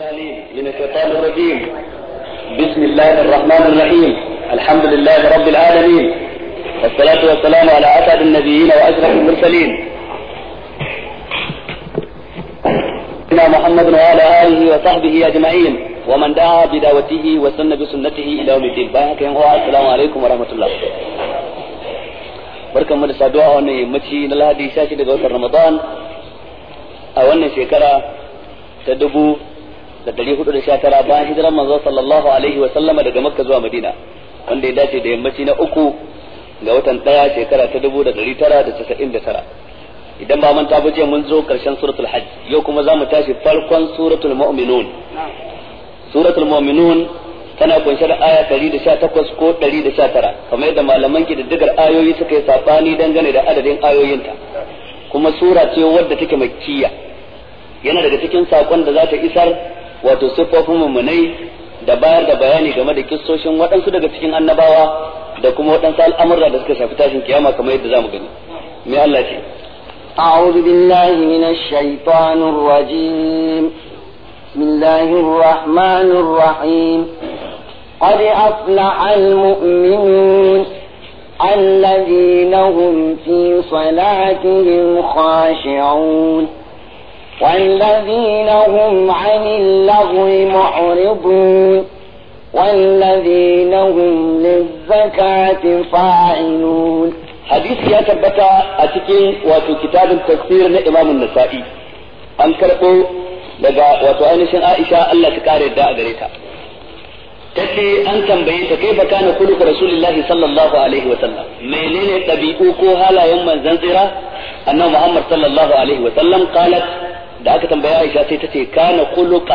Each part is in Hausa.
من الشيطان الرجيم بسم الله الرحمن الرحيم الحمد لله رب العالمين والصلاة والسلام على أسعد النبيين وأشرف المرسلين إنا محمد وعلى آله وصحبه أجمعين ومن دعا بدعوته وسن بسنته إلى يوم الدين بارك السلام عليكم ورحمة الله barkan mu da saduwa a wannan yammaci na lahadi 16 daga watan ramadan a da dari hudu da sha tara bayan hijiran manzo sallallahu alaihi wa sallama daga makka zuwa madina wanda ya dace da yammaci na uku ga watan daya shekara ta dubu da dari tara da casa'in da tara idan ba manta ba jiya mun zo karshen suratul hajj yau kuma za mu tashi farkon suratul mu'minun suratul mu'minun tana kunshe da aya takwas ko tara kamar yadda malaman kididdigar ayoyi suka yi sabani dangane da adadin ayoyinta kuma sura ce wadda take makkiya yana daga cikin sakon da za ta isar wato siffofin mummunai da bayar da bayani game da kissoshin waɗansu daga cikin annabawa da kuma waɗansu al'amurra da suka shafi tashin kiyama kamar yadda za mu gani me Allah ce أعوذ بالله من الشيطان الرجيم بسم الله الرحمن الرحيم قد أفلح المؤمنون الذين هم في صلاتهم خاشعون والذين هم عن اللغو معرضون والذين هم للزكاة فاعلون حديث يا تبتا أتكين واتو كتاب التفسير لإمام النسائي أنكرقوا لغا واتو أنشن آئشة الله تكاري الداء غريتا tace an tambaye ta kai baka na kullu rasulullahi sallallahu alaihi wa sallam menene dabi'u ko halayen manzon tsira annabi Muhammad sallallahu alaihi wa sallam da aka tambaya Aisha sai ta ce kana kuluka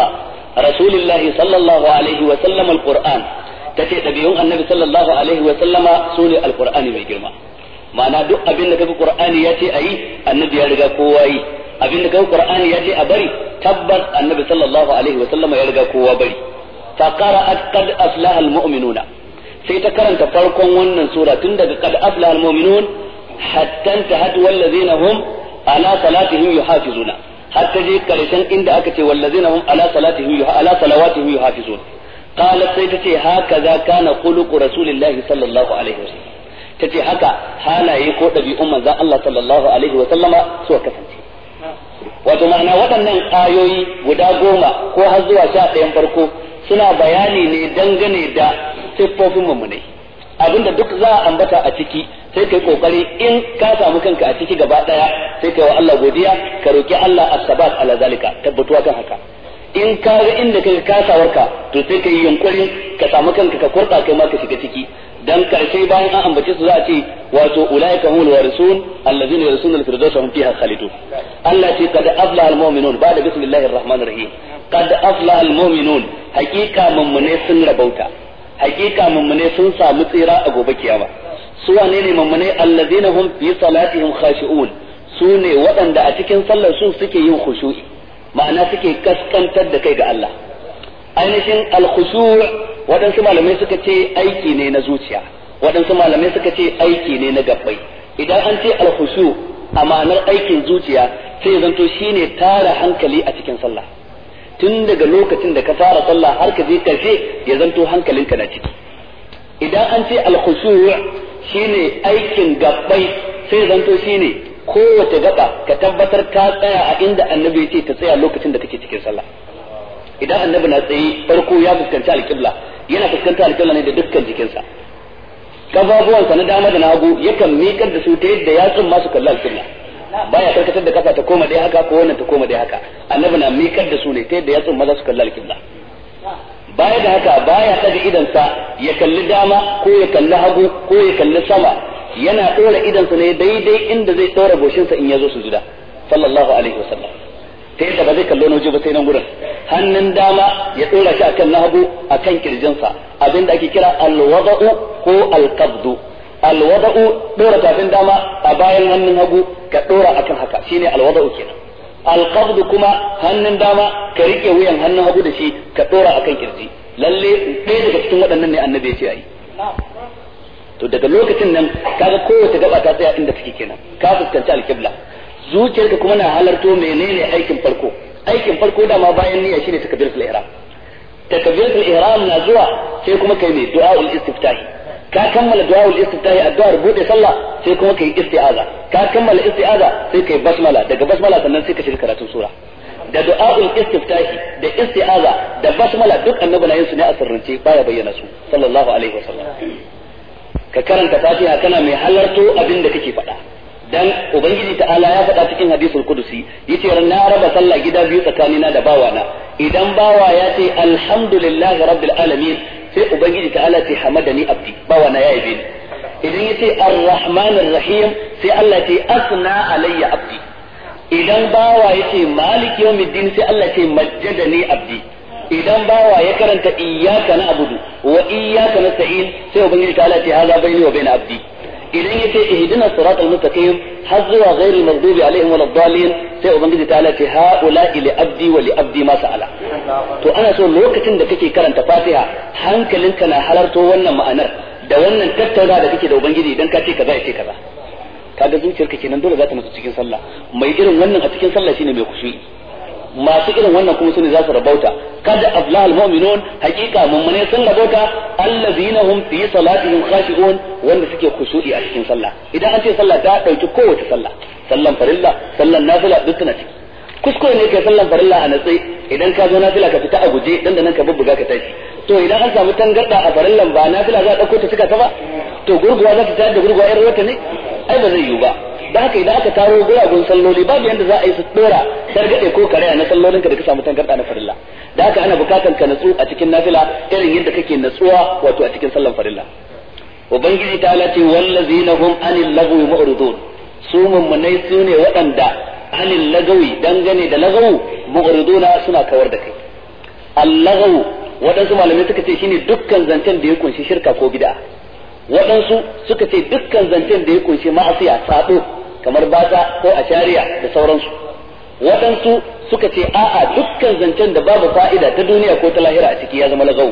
rasulillahi sallallahu alaihi wa sallam alquran tace dabi'un annabi sallallahu alaihi wa sallama sune alqur'ani mai girma ma'ana duk abin da kaga qur'ani ya ce ayi annabi ya riga kowa yi abin da kaga qur'ani ya ce a bari tabbas annabi sallallahu alaihi wa sallama ya riga kowa bari fa qara'at qad aflaha almu'minuna sai ta karanta farkon wannan sura tun daga qad aflaha almu'minun hatta intahat wallazina hum ala salatihim yuhafizuna har ta je karshen inda aka ce wallazina hum ala salatihim ala salawatihim yuhafizun qalat sai ta ce haka za kana khuluqu rasulillahi sallallahu alaihi wasallam ce haka halaye ko dabi'un manzon Allah sallallahu alaihi wa sallama suka kasance wato ma'ana waɗannan ayoyi guda goma ko har zuwa sha ɗayan farko suna bayani ne dangane da siffofin mummunai abinda duk za a ambata a ciki sai kai kokari in ka samu kanka a ciki gaba daya sai kai wa Allah godiya ka roki Allah as-sabat ala zalika tabbatuwa kan haka in ka ga inda kai kasawarka to sai kai yunkurin ka samu kanka ka kurda kai ma ka shiga ciki dan karshe bayan an ambace su za a ce wato ulaika humul warisun allazina yarsuna al-firdaus hum fiha Allah ce kada aflaha al-mu'minun ba'da bismillahir rahmanir rahim al-mu'minun haqiqa mummune sun rabauta hakika mummune sun samu tsira a gobe kiyama su wane ne mummune allazina hum fi salatihim khashi'un su ne waɗanda a cikin sallar su suke yin khushu'i ma'ana suke kaskantar da kai ga Allah ainihin al-khushu' waɗansu malamai suka ce aiki ne na zuciya waɗansu malamai suka ce aiki ne na gabbai idan an ce al-khushu' a ma'anar aikin zuciya sai zanto shine tara hankali a cikin sallah tun daga lokacin da ka fara sallah har ka je karshe ya zanto hankalinka na ciki idan an ce al shine aikin gabbai sai zanto shine kowace gaba ka tabbatar ka tsaya a inda annabi ce ta tsaya lokacin da kake cikin sallah idan annabi na tsaye farko ya fuskanci alƙibla yana fuskantar alƙibla ne da dukkan jikinsa kafafuwansa na dama da na yakan miƙar da su ta yadda yatsun masu kalli alƙibla baya karkatar da kasa ta koma dai haka ko wannan ta koma dai haka annabi na mikar da su ne ta yadda yatsun maza su kalli alƙibla baya da haka baya daga idansa ya kalli dama ko ya kalli hagu ko ya kalli sama yana ɗora idansa ne daidai inda zai ɗora goshinsa in ya zo su jida sallallahu alaihi wasallam ta yadda ba zai kallo na waje ba sai nan gurin hannun dama ya ɗora shi akan na hagu akan kirjinsa abinda ake kira alwada'u ko alqabdu alwada'u dora tafin dama a bayan hannun hagu ka dora akan haka shine alwada'u kenan alqabd kuma hannun dama ka rike wuyan hannun hagu da shi ka dora akan kirji lalle ɗaya daga cikin waɗannan ne annabi ya a ayi to daga lokacin nan kaga kowace gaba ta tsaya inda take kenan ka fuskanci alkibla zuciyarka kuma na halarto menene aikin farko aikin farko dama bayan niyya shine takbiratul ihram takbiratul ihram na zuwa sai kuma kai ne du'aul istiftahi ka kammala du'aul istiftahi addu'ar buɗe sallah sai kuma kai isti'aza ka kammala isti'aza sai kai basmala daga basmala sannan sai ka shiga karatun sura da du'aul istiftahi da isti'aza da basmala duk annabi na yin su ne a sirrance baya bayyana su sallallahu alaihi sallam. ka karanta fatiha kana mai halarto abin da kake faɗa dan ubangiji ta'ala ya faɗa cikin hadisul qudusi yace na raba sallah gida biyu tsakanina da bawana idan bawa ya ce alhamdulillahi rabbil alamin sai ubangiji ta'ala ce ni abdi ba wani ya yabe ni idan yace ar-rahmanir rahim sai Allah ce asna alayya abdi idan bawa yace malik yawmiddin sai Allah ce ni abdi idan bawa ya karanta iyyaka na'budu wa iyyaka nasta'in sai ubangiji ala ce haza bayni wa baina abdi إذن يتي إهدنا الصراط المتقيم حزوا غير المغضوب عليهم ولا الضالين سيء أبنجد تعالى في هؤلاء لأبدي ولأبدي ما سأل تو أنا سوى لوكة دكتي كرن تفاتها حنك لنكنا حلرتو وانا ما أنا دوانا كتو دا دكتي دو بنجد إذن كتي كذا إتي كذا كذا زوجي الكتي نندول ذات مستكين صلى ما يجرم وانا أتكين صلى سينا بيكشوي masu irin wannan kuma sune za su rabauta kad aflah almu'minun haqiqa mummune sun rabauta allazina hum fi salatihim khashi'un wanda suke khushu'i a cikin sallah idan an ce sallah ta dauki kowace sallah sallan farilla sallan nafila duk tana ciki kuskure ne kai sallan farilla a natsai idan ka zo nafila ka fita a guje dan da nan ka bubbuga ka tashi to idan an samu tangarda a farillan ba nafila za a dauko ta cika ta ba to gurguwa za ta tayar da gurguwa irin wata ne ai ba zai yiwu ba da haka idan aka kawo guragun salloli babu yanda za a yi su dora targade ko karaya na sallolin ka da ka samu tangarɗa na farilla da haka ana bukatar ka natsu a cikin nafila irin yadda kake natsuwa wato a cikin sallan farilla ubangiji ta lati wallazina hum anil lagwi mu'ridun su mummunai su ne waɗanda anil lagawi dangane da lagawu mu'riduna suna kawar da kai allagawu waɗansu malamai suka ce shine dukkan zancen da ya kunshi shirka ko bid'a waɗansu suka ce dukkan zancen da ya kunshi ma'asiya sado kamar baza ko a shari'a da sauransu waɗansu suka ce a'a dukkan zancen da babu fa'ida ta duniya ko ta lahira a ciki ya zama lagau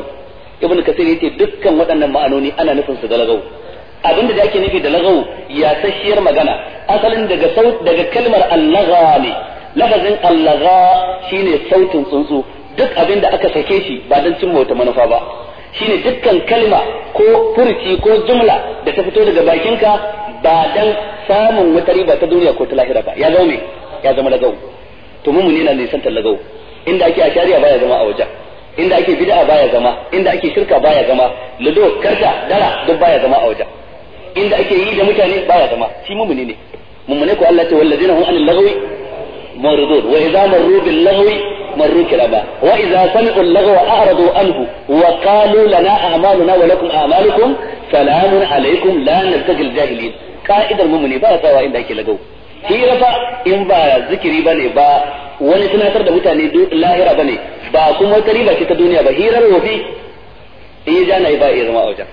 ibnu kasir yace dukkan waɗannan ma'anoni ana nufin su da lagau abinda da ake nufi da lagau ya sashiyar magana asalin daga saut daga kalmar ne lafazin allagha shine sautin tsuntsu duk abin da aka sake shi ba don cimma wata manufa ba shine dukkan kalma ko furuci ko jumla da ta fito daga bakinka ba dan samun wata riba ta duniya ko ta lahira ba ya zama me ya zama lagau to mu ne na nisantar lagau inda ake a shari'a baya zama a wajen inda ake bid'a baya zama inda ake shirka baya zama lado karta dara duk baya zama a wajen inda ake yi da mutane baya zama shi mumuni ne mu ne ko Allah ta wallazina hum anil lagwi muridun wa idza marru bil lagwi marru kirama wa idza sami'u al lagwa a'radu anhu wa qalu lana a'maluna wa lakum a'malukum salamun alaykum la nabtagil jahilin ka'idar mumuni ba ya tsawa inda ake lagau hira fa in ba zikiri bane ba wani tunatar da mutane lahira bane ba kuma wata riba ce ta duniya ba hirar wofi in ya jana ba ya zama a wajen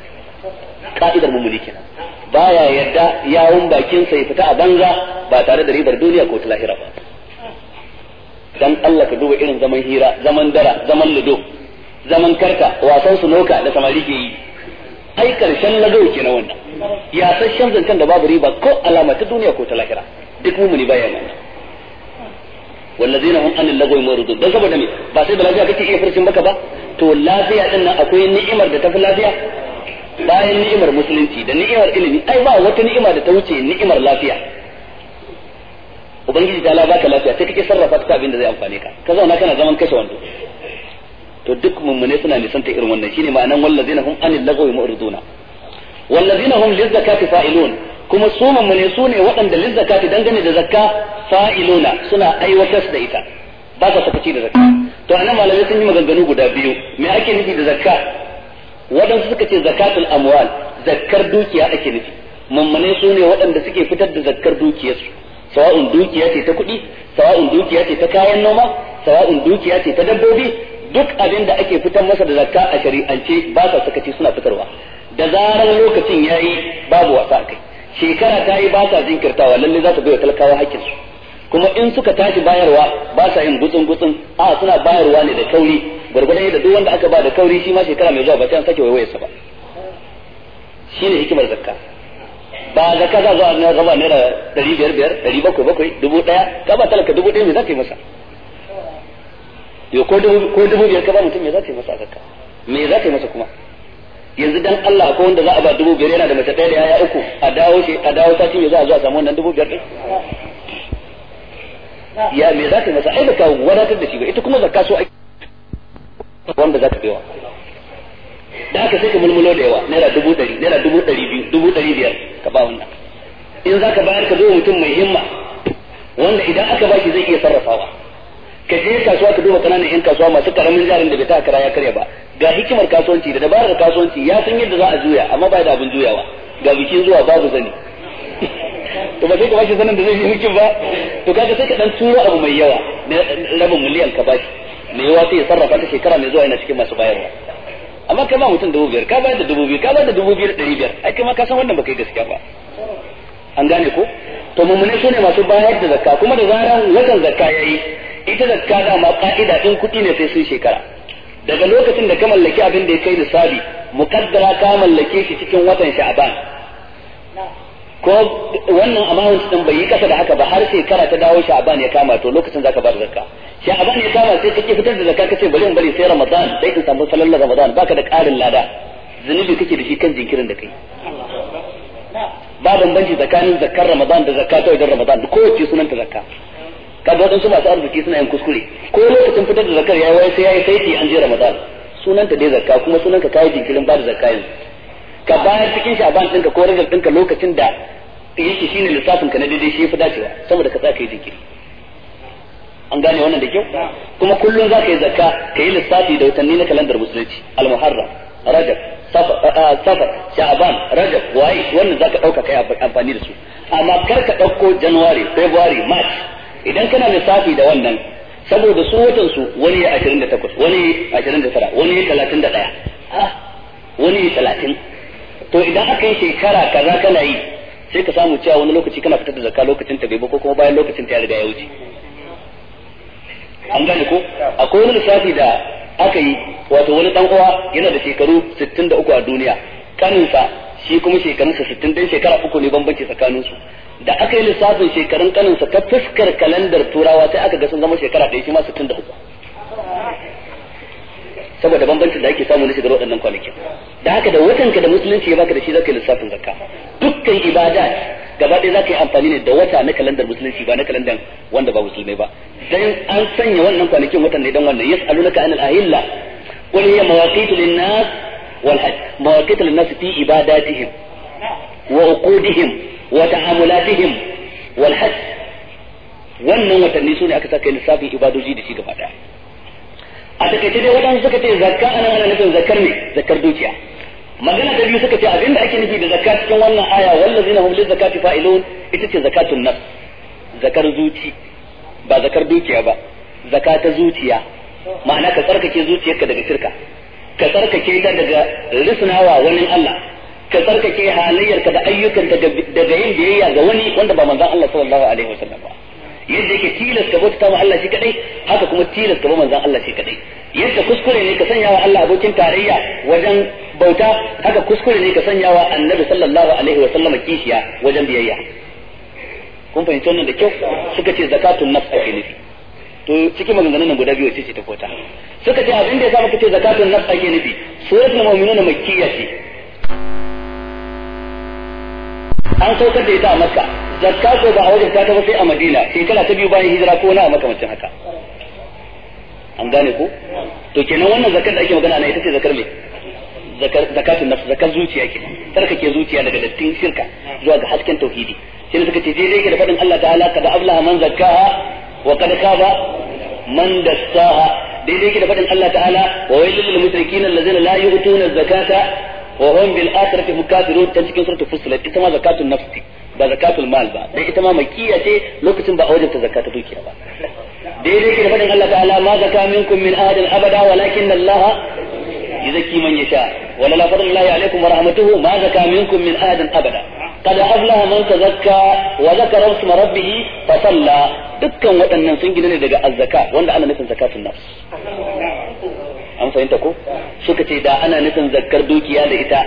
ka'idar mumuni kenan ya yadda yawon bakin sa ya fita a banza ba tare da ribar duniya ko ta lahira ba dan Allah ka duba irin zaman hira zaman dara zaman ludo zaman karka wasan sunoka da samari ke yi ai karshen ke na wannan ya sashen zancen da babu riba ko alama ta duniya ko ta lahira duk mumuni baya nan wallazina hum anil lagawi marudu dan saboda me ba sai da lafiya kake iya furcin baka ba to lafiya din nan akwai ni'imar da tafi lafiya bayan ni'imar musulunci da ni'imar ilimi ai ba wata ni'ima da ta wuce ni'imar lafiya ubangiji ta baka lafiya sai kake sarrafa ta abin da zai amfane ka ka zauna kana zaman kashe wando to duk mummune suna ta irin wannan shine ma'anan wallazina hum anil lagawi mu'riduna wallazina hum lizzakati fa'ilun kuma su mummune su ne waɗanda lizzakati dangane da zakka fa'iluna suna aiwatar da ita ba sa sakaci da zakka to anan malamai sun yi maganganu guda biyu me ake nufi da zakka waɗansu suka ce zakatul amwal zakkar dukiya ake nufi mummune su ne waɗanda suke fitar da zakkar dukiyarsu sawa'un dukiya ce ta kuɗi sawa'un dukiya ce ta kayan noma sawa'un dukiya ce ta dabbobi duk abin da ake fitar masa da zakka a shari'ance ba sa sakaci suna fitarwa da zarar lokacin yayi babu wasa kai shekara ta yi ba sa jinkirtawa lalle za ta bai talakawa hakkin su kuma in suka tashi bayarwa ba sa yin gutsun gutsun a suna bayarwa ne da kauri gurgurdan da duk wanda aka ba da kauri shi ma shekara mai zuwa ba sai an sake sa ba shine hikimar zakka ba zakka za zuwa na gaba naira dari biyar biyar dari bakwai bakwai dubu ɗaya ka ba talaka dubu ɗaya me za ka yi masa yo ko dubu biyar ka ba mutum me za ka yi masa a kakka me za ka yi masa kuma yanzu dan Allah ko wanda za a ba dubu biyar yana da mace ɗaya da yaya uku a dawo shi a dawo satin ya za a zo a samu wannan dubu biyar ɗin ya me za ka masa ai baka wadatar da shi ba ita kuma zakka so ai wanda za ka baiwa da haka sai ka mulmulo da yawa naira dubu ɗari naira dubu ɗari biyu dubu ɗari biyar ka ba wannan in za ka bayar ka zo mutum mai himma wanda idan aka ba shi zai iya sarrafawa ka je kasuwa ka duba kananan yan kasuwa masu karamin jarin da bai ta kara ya karya ba ga hikimar kasuwanci da dabarar kasuwanci ya san yadda za a juya amma ba da abin juyawa ga bikin zuwa babu zani to ba sai ka bashi sanin da zai yi hikim ba to kaga sai ka dan turo abu mai yawa na rabin miliyan ka bashi mai yawa sai ya sarrafa ta shekara mai zuwa yana cikin masu bayarwa amma kai ma mutum dubu biyar ka bayar da dubu biyu ka bayar da dubu biyar da ɗari biyar ai kai ma ka san wannan ba kai gaskiya ba an gane ko to mummunai sune masu bayar da zakka kuma da zaran watan zakka yayi ita zakka da ma ka'ida din kuɗi ne sai sun shekara daga lokacin da ka mallaki abin da ya kai nisabi mukaddara ka mallake shi cikin watan sha'ban ko wannan amount din bai yi kasa da haka ba har shekara ta dawo sha'ban ya kama to lokacin zaka bar zakka sha'ban ya kama sai kake fitar da zakka kace bari in bari sai ramadan sai in samu salallar ramadan baka da ƙarin lada zunubi kake da shi kan jinkirin da kai ba bambanci tsakanin zakar ramadan da zakka ta wajen ramadan da kowace sunan ta zakka kaga wadansu masu arziki suna yin kuskure ko lokacin fitar da zakar yayi wai sai yayi saiti an je ramadan sunan ta dai zakka kuma sunan ka kai jinkirin ba da zakka yanzu ka bayar cikin sha'ban ɗinka ko rajab ɗinka lokacin da yake shine lissafin ka na daidai shi fi dacewa saboda ka tsaka yi jinkiri an gane wannan da kyau kuma kullum za ka yi zakka ka yi lissafi da watanni na kalandar musulunci al-muharram rajab safar sha'ban rajab waye wannan zaka dauka kai amfani da su amma kar ka dauko january february march idan kana lissafi da wannan saboda su watan su wani ya 28 wani ya 29 wani ya 31 wani ya 30 to idan aka yi shekara kaza kana yi sai ka samu cewa wani lokaci kana fitar da zakka lokacin ta gaba ko kuma bayan lokacin ta ya riga ya wuce an gane ko akwai wani lissafi da aka yi wato wani dan uwa yana da shekaru 63 a duniya kaninsa shi kuma shekarunsa 60 dan shekara uku ne bambanci tsakaninsu da aka yi lissafin shekarun kaninsa ta fuskar kalandar turawa sai aka ga sun zama shekara ɗaya shi ma 63 saboda bambancin da ake samu na shigar waɗannan kwanakin da haka da watanka da musulunci ya baka da shi zaka yi lissafin zakka dukkan ibada gaba ɗaya za ka yi amfani ne da wata na kalandar musulunci ba na kalandar wanda ba musulmai ba dan an sanya wannan kwanakin watan ne dan wannan yas'alunaka anil ahilla qul hiya mawaqitu lin-nas wal hajj mawaqitu lin-nas fi ibadatihim wa uqudihim wa ta'amulatihim wal hajj wannan watanni sune aka saka lissafin ibadoji da shi gaba ɗaya a takaice dai wadansu suka ce zakka ana ana nufin zakar ne zakar dukiya magana ta biyu suka ce abin da ake nufi da zakka cikin wannan aya wallazina hum zakati fa'ilun ita ce zakatun nafs zakar zuci ba zakar dukiya ba zakata zuciya ma'ana ka tsarkake zuciyarka daga shirka ka tsarkake ta daga risnawa wani Allah ka tsarkake halayyarka da ayyukanta daga yin biyayya ga wani wanda ba manzon Allah sallallahu alaihi wasallam ba yadda yake tilas ka bauta ma Allah shi kadai haka kuma tilas ka bi manzon Allah shi kadai yadda kuskure ne ka sanya wa Allah abokin tarayya wajen bauta haka kuskure ne ka sanya wa Annabi sallallahu alaihi wa sallama kishiya wajen biyayya kun fahimci wannan da kyau suka ce zakatun nafs ake nufi to cikin maganganun nan guda biyu ce ta kota suka ce abin da ya sa muka ce zakatun nafs ake nufi suratul mu'minuna makkiyya ce an saukar da ita a makka zakka ko ba a wajen ta ba sai a madina shekara ta biyu bayan hijira ko na a makamacin haka an gane ku? to kenan wannan zakar da ake magana na ita ce zakar mai zakatun nafs zakar zuciya ke ke zuciya daga dattin shirka zuwa ga hasken tauhidi sai suka ce daidai ke da faɗin Allah ta'ala kada ablaha man zakkaha wa kad khaba man dassaha daidai ke da faɗin Allah ta'ala wa wailul lil mushrikeena allazina la yu'tuna zakata wa hum bil akhirati hum kafirun tan cikin suratul fussilat ita ma zakatun nafsi ba zakatul mal ba dan ita ma makiya ce lokacin ba a wajen ta zakata dukiya ba daidai ke da fadin Allah ta'ala ma zaka minkum min ahadin abada walakin Allah yuzakki man yasha wala la fadlu Allah alaikum wa rahmatuhu ma zaka minkum min ahadin abada قد أفلح من تزكى وذكر اسم ربه فصلى dukkan waɗannan sun gina ne daga azzaka wanda ne nufin zakatun nafs an fahimta ko suka ce da ana nufin zakkar dukiya da ita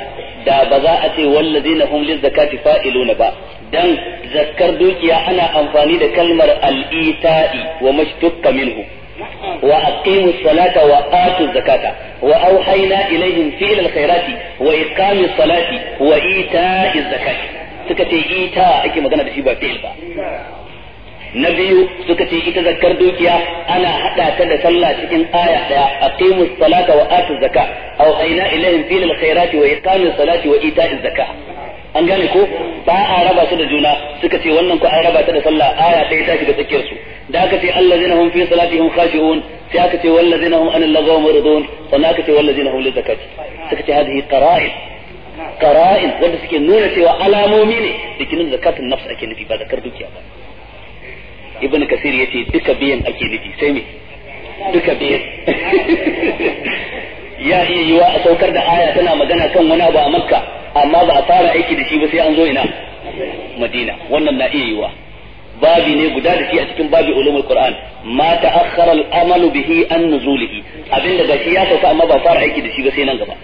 da ba za a ce wallazina hum lizakati fa'iluna ba dan zakkar dukiya ana amfani da kalmar al-ita'i wa mashtukka minhu وأقيموا الصلاة وآتوا الزكاة وأوحينا إليهم فعل الخيرات وإقام الصلاة وإيتاء الزكاة suka ce ita ake magana da shi ba fi'il ba na biyu suka ce ita zakar dukiya ana hada ta da sallah cikin aya daya aqimu salata wa atu zakka aw aina ilaihim fil khairati wa iqamu salati wa ita'i zakka an gane ko ba a raba su da juna suka ce wannan ko an raba ta da sallah aya ɗaya ta shiga tsakiyar su da aka ce allazina hum fi salatihim khashi'un sai aka ce wallazina hum anil lagaw muridun sannan aka ce wallazina hum lizakati suka ce hadhihi qara'in qara'in wanda suke nuna cewa alamomi ne da kinin zakatun nafs ake nufi ba zakar dukiya ba ibn kasir yace duka biyan ake nufi sai me duka biyan ya iya yiwa a saukar da aya tana magana kan wani abu a makka amma ba a fara aiki da shi ba sai an zo ina madina wannan na iya yiwa babi ne guda da shi a cikin babi ulumul qur'an ma ta'akhkhara al-amalu bihi an nuzulihi abinda gashi ya sauka amma ba fara aiki da shi ba sai nan gaba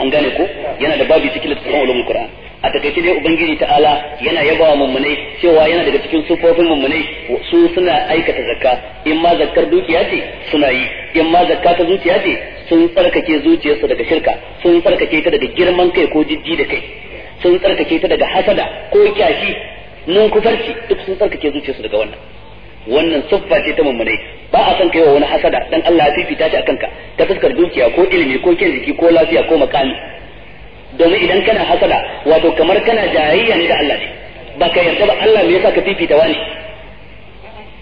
an gane ko yana da babi cikin littafin ulumul qur'an a takaice dai ubangiji ta'ala yana yaba wa mummunai cewa yana daga cikin sufofin mummunai su suna aikata zakka in ma zakkar dukiya ce suna yi in ma zakka ta zuciya ce sun tsarkake zuciyarsu daga shirka sun tsarkake ta daga girman kai ko jijji da kai sun tsarkake ta daga hasada ko kyashi nun kufarci duk sun tsarkake zuciyarsu daga wannan wannan suffa ce ta mummunai ba a san kai wa wani hasada dan Allah ya fifita shi akan ka ta fuskar dukiya ko ilimi ko kyan jiki ko lafiya ko makami domin idan kana hasada wato kamar kana jayayya ne da Allah ne ba ka yarda ba Allah me yasa ka fifita wani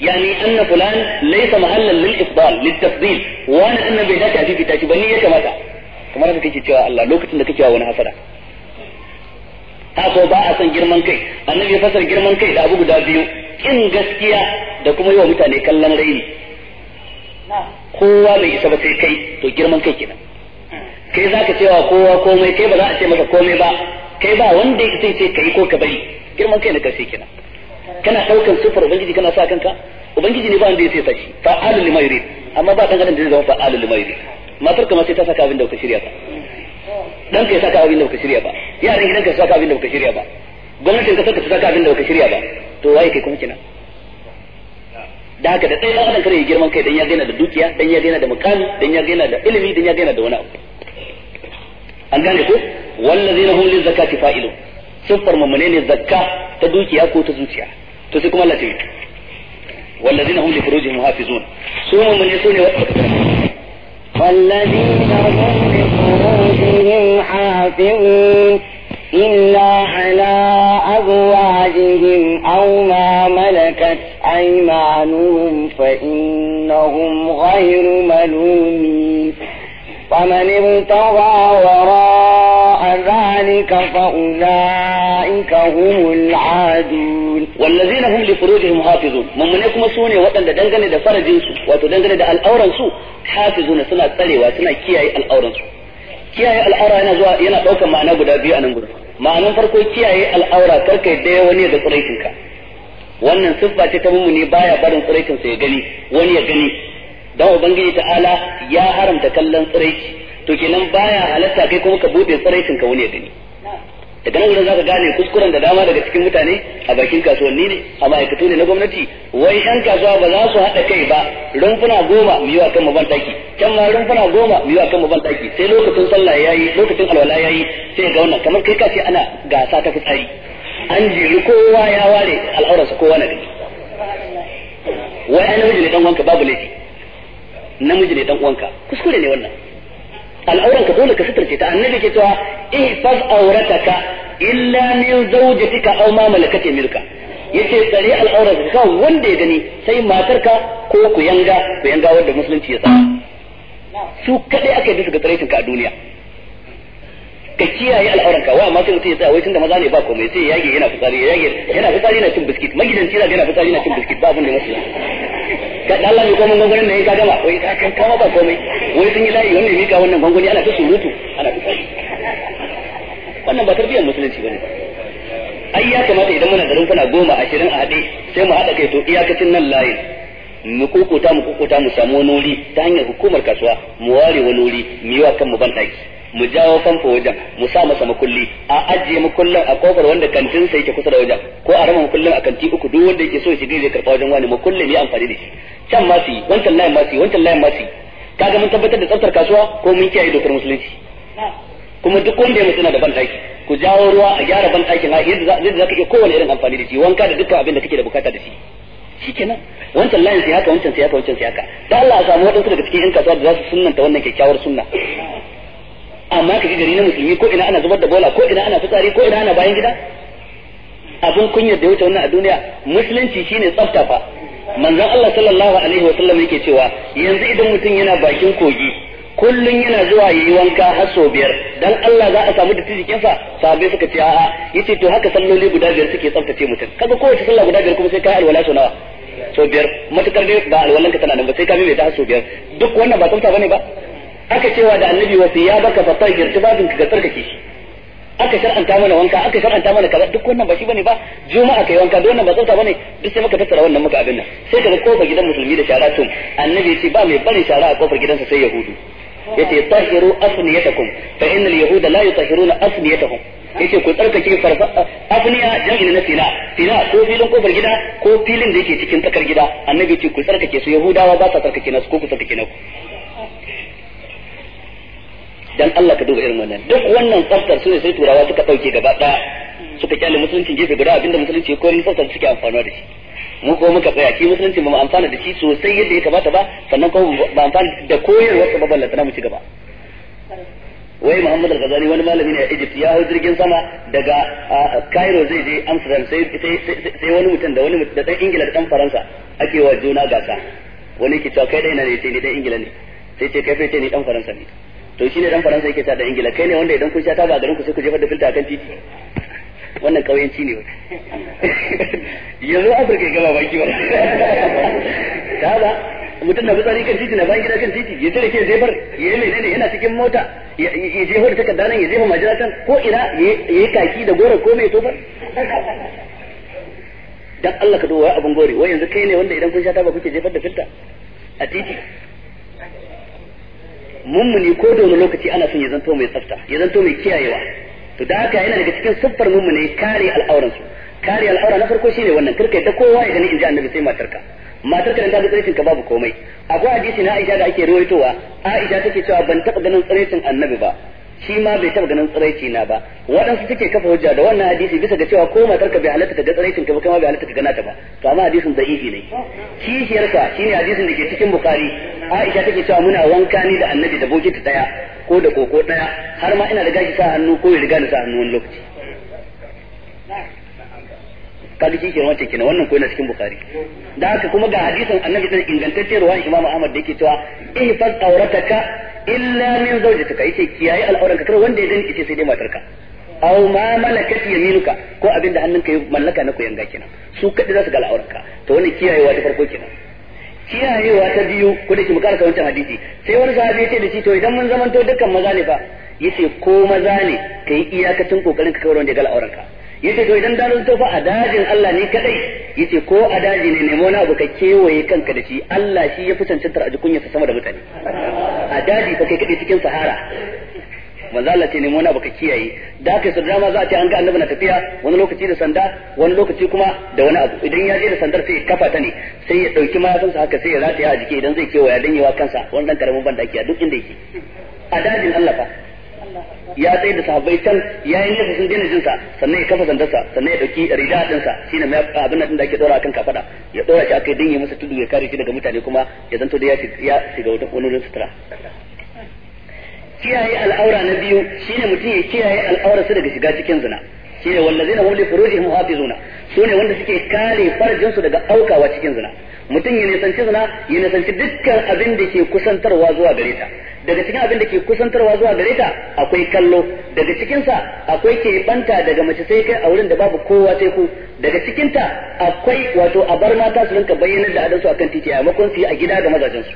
yani anna fulan laysa mahallan lil ifdal lil tafdil anna annan bai dace a fifita shi ba ya kamata kamar da kake cewa Allah lokacin da kake wa wani hasada haka ba a san girman kai annabi ya fasar girman kai da abu guda biyu kin gaskiya da kuma yi wa mutane kallon raini kowa bai isa ba sai kai to girman kai kenan kai za ka cewa kowa komai kai ba za a ce maka komai ba kai ba wanda ya sai ce ka yi ko ka bari girman kai na karshe kina kana daukan sufar ubangiji kana sa kanka ubangiji ne ba wanda ya sai tashi Fa lima yurid amma ba dan adam da zai zama fa'alul lima yurid matar kamar sai ta saka abin da ka shirya ba dan ka saka abin da ka shirya ba yaran gidan ka saka abin da ka shirya ba gwamnatin ka saka ta abin da ka shirya ba to waye kai kuma kina da haka da ɗaya ɗan adam kare ya girman kai dan ya gaina da dukiya dan ya gaina da makami dan ya gaina da ilimi dan ya gaina da wani abu an gane ko wallazina hum li zakati fa'ilun siffar mamane menene zakka ta dukiya ko ta zuciya to sai kuma Allah ta yi wallazina hum li furujihim muhafizun su mamane su ne hum li furujihim حافظون illa أيمانهم فإنهم غير ملومين فمن ابتغى وراء ذلك فأولئك هم العادون والذين هم لفروجهم حافظون من من يكون سوني وطن دا دنگني دا فرجنسو واتو دنگني دا سو حافظون سنة تلي سنة كياي الأوران سو al'aura yana zuwa yana ɗaukar ma'ana guda biyu a nan gudu ma'anan farko kiyaye al'aura karka yadda wani da wannan siffa ce ta mummuni baya barin tsiraikin sa ya gani wani ya gani dan ubangiji ta'ala ya haramta kallon tsiraici to kenan baya halatta kai kuma ka bude tsiraikin ka wani ya gani daga nan wurin zaka gane kuskuren da dama daga cikin mutane a bakin kasuwanni ne a ma'aikatu ne na gwamnati wai yan kasuwa ba za su haɗa kai ba rumfuna goma mu yi wa kan mu ɗaki can ma rumfuna goma mu yi wa kan mu ɗaki sai lokacin sallah yayi lokacin alwala yayi sai ga wannan kamar kai ka ce ana gasa ta fitsari an jiri kowa ya ware al'aurarsa kowa na gani wai ai namiji ne dan uwanka babu laifi namiji ne dan uwanka kuskure ne wannan al'auranka dole ka sitarce ta annabi ke cewa ihfaz aurataka illa min zawjatika aw ma malakati milka yace tsare al'auranka ka wanda ya gani sai matarka ko ku yanga ku yanga wanda musulunci ya sa su kadai aka yi su ga tsaretin ka a duniya ka kiyaye al'auranka wa amma sai mutum ya tsaya wai tunda maza ne ba komai sai yage yana fitsari yage yana fitsari na cin biskit magidanci zaka yana fitsari na cin biskit ba abin da masu ka dalla ne komai gongonin da ka gama wai ka kan kama ba komai wai sun yi layi wannan mika wannan gongoni ana ta surutu ana fitsari wannan ba tarbiyyar musulunci bane ai ya kamata idan muna da rumfuna goma ashirin a haɗe sai mu haɗa kai to iyakacin nan layin mu kokota mu kokota mu samu wani wuri ta hanyar hukumar kasuwa mu ware wani wuri mu yi wa kanmu ban ɗaki mu jawo famfo wajen mu sa masa makulli a ajiye makullin a kofar wanda kantin sa yake kusa da wajen ko a raba makullin a kanti uku duk wanda yake so shi shiga zai karba wajen wani makullin ya amfani da shi can ma su yi wancan layin ma su yi wancan layin ma su yi kaga mun tabbatar da tsaftar kasuwa ko mun kiyaye dokar musulunci kuma duk wanda ya mutu na da ban ɗaki ku jawo ruwa a gyara ban ɗakin a yadda za ka iya kowane irin amfani da shi wanka da dukkan abin da kake da bukata da shi shikenan wancan layin sai haka wancan sai haka wancan sai haka da Allah a samu wadansu daga cikin yan kasuwa da za su sunanta wannan kyakkyawar sunna amma ka gari na musulmi ko ina ana zubar da bola ko ina ana fitsari ko ina ana bayan gida abin kunya da ya wuce wannan a duniya musulunci shine tsafta fa manzon Allah sallallahu alaihi wa sallam yake cewa yanzu idan mutum yana bakin kogi kullun yana zuwa yayi wanka har sau biyar dan Allah za a samu da tijikin sa sahabbai suka ce a'a yace to haka salloli guda biyar suke tsaftace mutum kaga kowace sallah guda biyar kuma sai kai alwala sau nawa sau biyar matakar dai ba alwalanka tana nan ba sai ka mai da har sau biyar duk wannan ba tsafta bane ba aka cewa da annabi wasu ya baka fa tahir tufafin ka tsarkake shi aka shar'anta mana wanka aka shar'anta mana kaza duk wannan ba shi bane ba juma'a kai wanka duk wannan ba tsafta bane duk sai muka tattara wannan muka abin nan sai ka kofar gidan musulmi da shara tun annabi ce ba mai bari shara a kofar gidansa sai yahudu yace tahiru asniyatakum fa innal yahuda la yutahiruna asniyatahum yace ku tsarkake farfa afniya jami'in na fila fila ko filin kofar gida ko filin da yake cikin tsakar gida annabi yace ku tsarkake su yahudawa ba sa tsarkake nasu ko ku tsarkake naku dan Allah ka duba irin wannan duk wannan tsaftar su ne sai turawa suka dauke gaba daya suka kyale musulunci gefe guda abinda musulunci ko ni tsaftar suke amfana da shi mu ko muka tsaya shi musulunci ba mu amfana da shi sosai yadda ya kamata ba sannan ko ba amfana da koyarwar ba ballanta na mu ci gaba wai Muhammad al-Ghazali wani malami ne a Egypt ya hau jirgin sama daga Cairo zai je Amsterdam sai sai wani mutum da wani da dan Ingila da dan Faransa ake wa juna gasa wani ke cewa kai dai na ne sai ni dan Ingila ne sai ce kai fa ce ni dan Faransa ne to ne dan faransa yake tada da ingila kai ne wanda idan kun sha taba a garin ku sai ku jefar da filta akan titi wannan kauyanci ne yanzu afirka ya gaba baki ba ba mutum na fitsari kan titi na bayan gida kan titi ya tare ke jefar ya yi menene yana cikin mota ya jefar takarda nan ya jefa majira kan ko ina ya yi kaki da gora ko mai tofar dan Allah ka duba abun gore wai yanzu kai ne wanda idan kun sha taba kuke jefar da filta a titi mummuni ko da wani lokaci ana son ya zanto mai tsafta ya zanto mai kiyayewa to da haka yana daga cikin siffar mummuni kare al'auransu kare al'aura na farko shine wannan karkai da kowa ya gani in ji annabi sai matarka matar ka ta ga ka babu komai akwai hadisi na Aisha da ake ruwaitowa Aisha take cewa ban taɓa ganin tsarkin annabi ba shi ma bai taba ganin tsiraici na ba waɗansu suke kafa hujja da wannan hadisi bisa ga cewa ko matar ka bai halatta ta ga tsiraicin ka ba kai ma bai halatta ka gana ta ba to amma hadisin ihi ne kishiyar ka shine hadisin da ke cikin bukari Aisha take cewa muna wanka ni da Annabi da bokiti daya ko da koko daya har ma ina da gashi sa hannu ko ya riga ni sa hannu wani lokaci kalli shi kenan kenan wannan ko yana cikin bukhari da haka kuma ga hadisin annabi sai ingantacce ruwan imam ahmad da yake cewa fa awrataka illa min zawjatika yace kiyaye al'auranka kar wanda ya dani yace sai dai matarka aw ma malakat yaminuka ko abin da hannunka ya mallaka na koyan kenan su kadai za su ga al'auranka to wannan kiyayewa ta farko kenan kiyayewa ta biyu ko da ki mu karanta wancan hadisi sai wani sahabi ya ce da shi to idan mun zamanto dukkan maza ne fa yace ko maza ne kai iyakacin kokarin ka kawar wanda ya ga al'auranka yace to idan dalil fa a dajin Allah ne kadai yace ko a daji ne nemo na abu ka kewaye kanka da shi Allah shi ya fi cancantar a jikunya sa sama da mutane a daji fa kai kadai cikin sahara manzo Allah ce nemo na abu ka kiyaye da kai sun dama za a ce an ga annabi na tafiya wani lokaci da sanda wani lokaci kuma da wani abu idan ya je da sandar sai ya kafa ta ne sai ya dauki sa haka sai ya rataya a jiki idan zai kewaya dan yawa kansa wannan karamin banda da duk inda yake a dajin Allah fa ya tsaye da sahabbai can ya yi nasa sun jin jinsa sannan ya kafa sandarsa sannan ya dauki rida dinsa shine mai abin da ake dora kan kafada ya dora shi akai dinye masa tudu ya kare shi daga mutane kuma ya zanto da ya shiga wata wani sutura kiyaye al'aura na biyu shine mutum ya kiyaye al'aura su daga shiga cikin zina shine wallazina hum li furujihim su ne wanda suke kare farjinsu daga aukawa cikin zina mutum ya nisanci zina ya nisanci dukkan abin da ke kusantarwa zuwa gare ta daga cikin abin da ke kusantarwa zuwa gare ta akwai kallo daga cikinsa akwai banta daga mace sai kai a wurin da babu kowa sai ku daga cikinta akwai wato a bar mata su rinka bayyana da adansu akan titi a makon su a gida ga su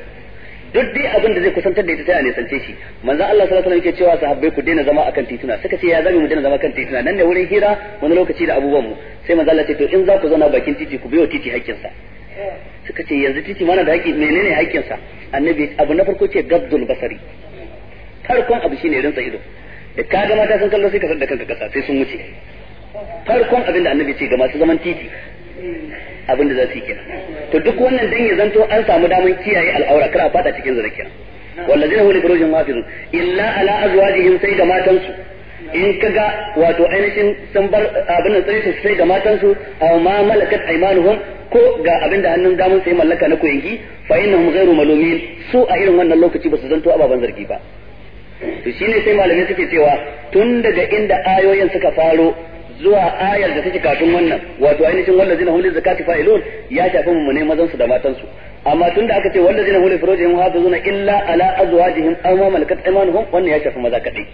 duk dai abin da zai kusantar da ita sai a nisance shi manzo Allah sallallahu alaihi wasallam yake cewa sahabbai ku daina zama akan tituna suka ce ya zabi mu daina zama akan tituna nan ne wurin hira wani lokaci da abubuwan mu sai manzo Allah ce to in za ku zauna bakin titi ku biyo titi hakkin sa suka ce yanzu titi mana da haƙƙi menene sa annabi abu na farko ce gabdul basari farkon abu shine rinsa ido da ka ga mata sun kallo sai ka sadda kanka kasa sai sun wuce farkon abin da annabi ce ga masu zaman titi abin da za su yi kenan to duk wannan dan ya zanto an samu daman kiyaye al'aura kar a fada cikin zina kenan wallazina hum li furujihim hafizun illa ala azwajihim sai ga matansu in kaga wato ainihin sun bar abin nan sai sai ga matansu aw ma malakat aymanuhum ko ga abin da hannun damun sai mallaka na koyangi fa innahum ghairu malumin su a irin wannan lokaci ba su zanto ababan zargi ba to shine sai malamai suke cewa tun daga inda ayoyin suka faro zuwa ayar da take kafin wannan wato ainihin wallazina hulil zakati fa'ilun ya shafi mu ne mazan su da matan su amma tun da aka ce na hum li furujihim hadzuna illa ala azwajihim aw ma malakat aymanuhum wannan ya shafi maza kadai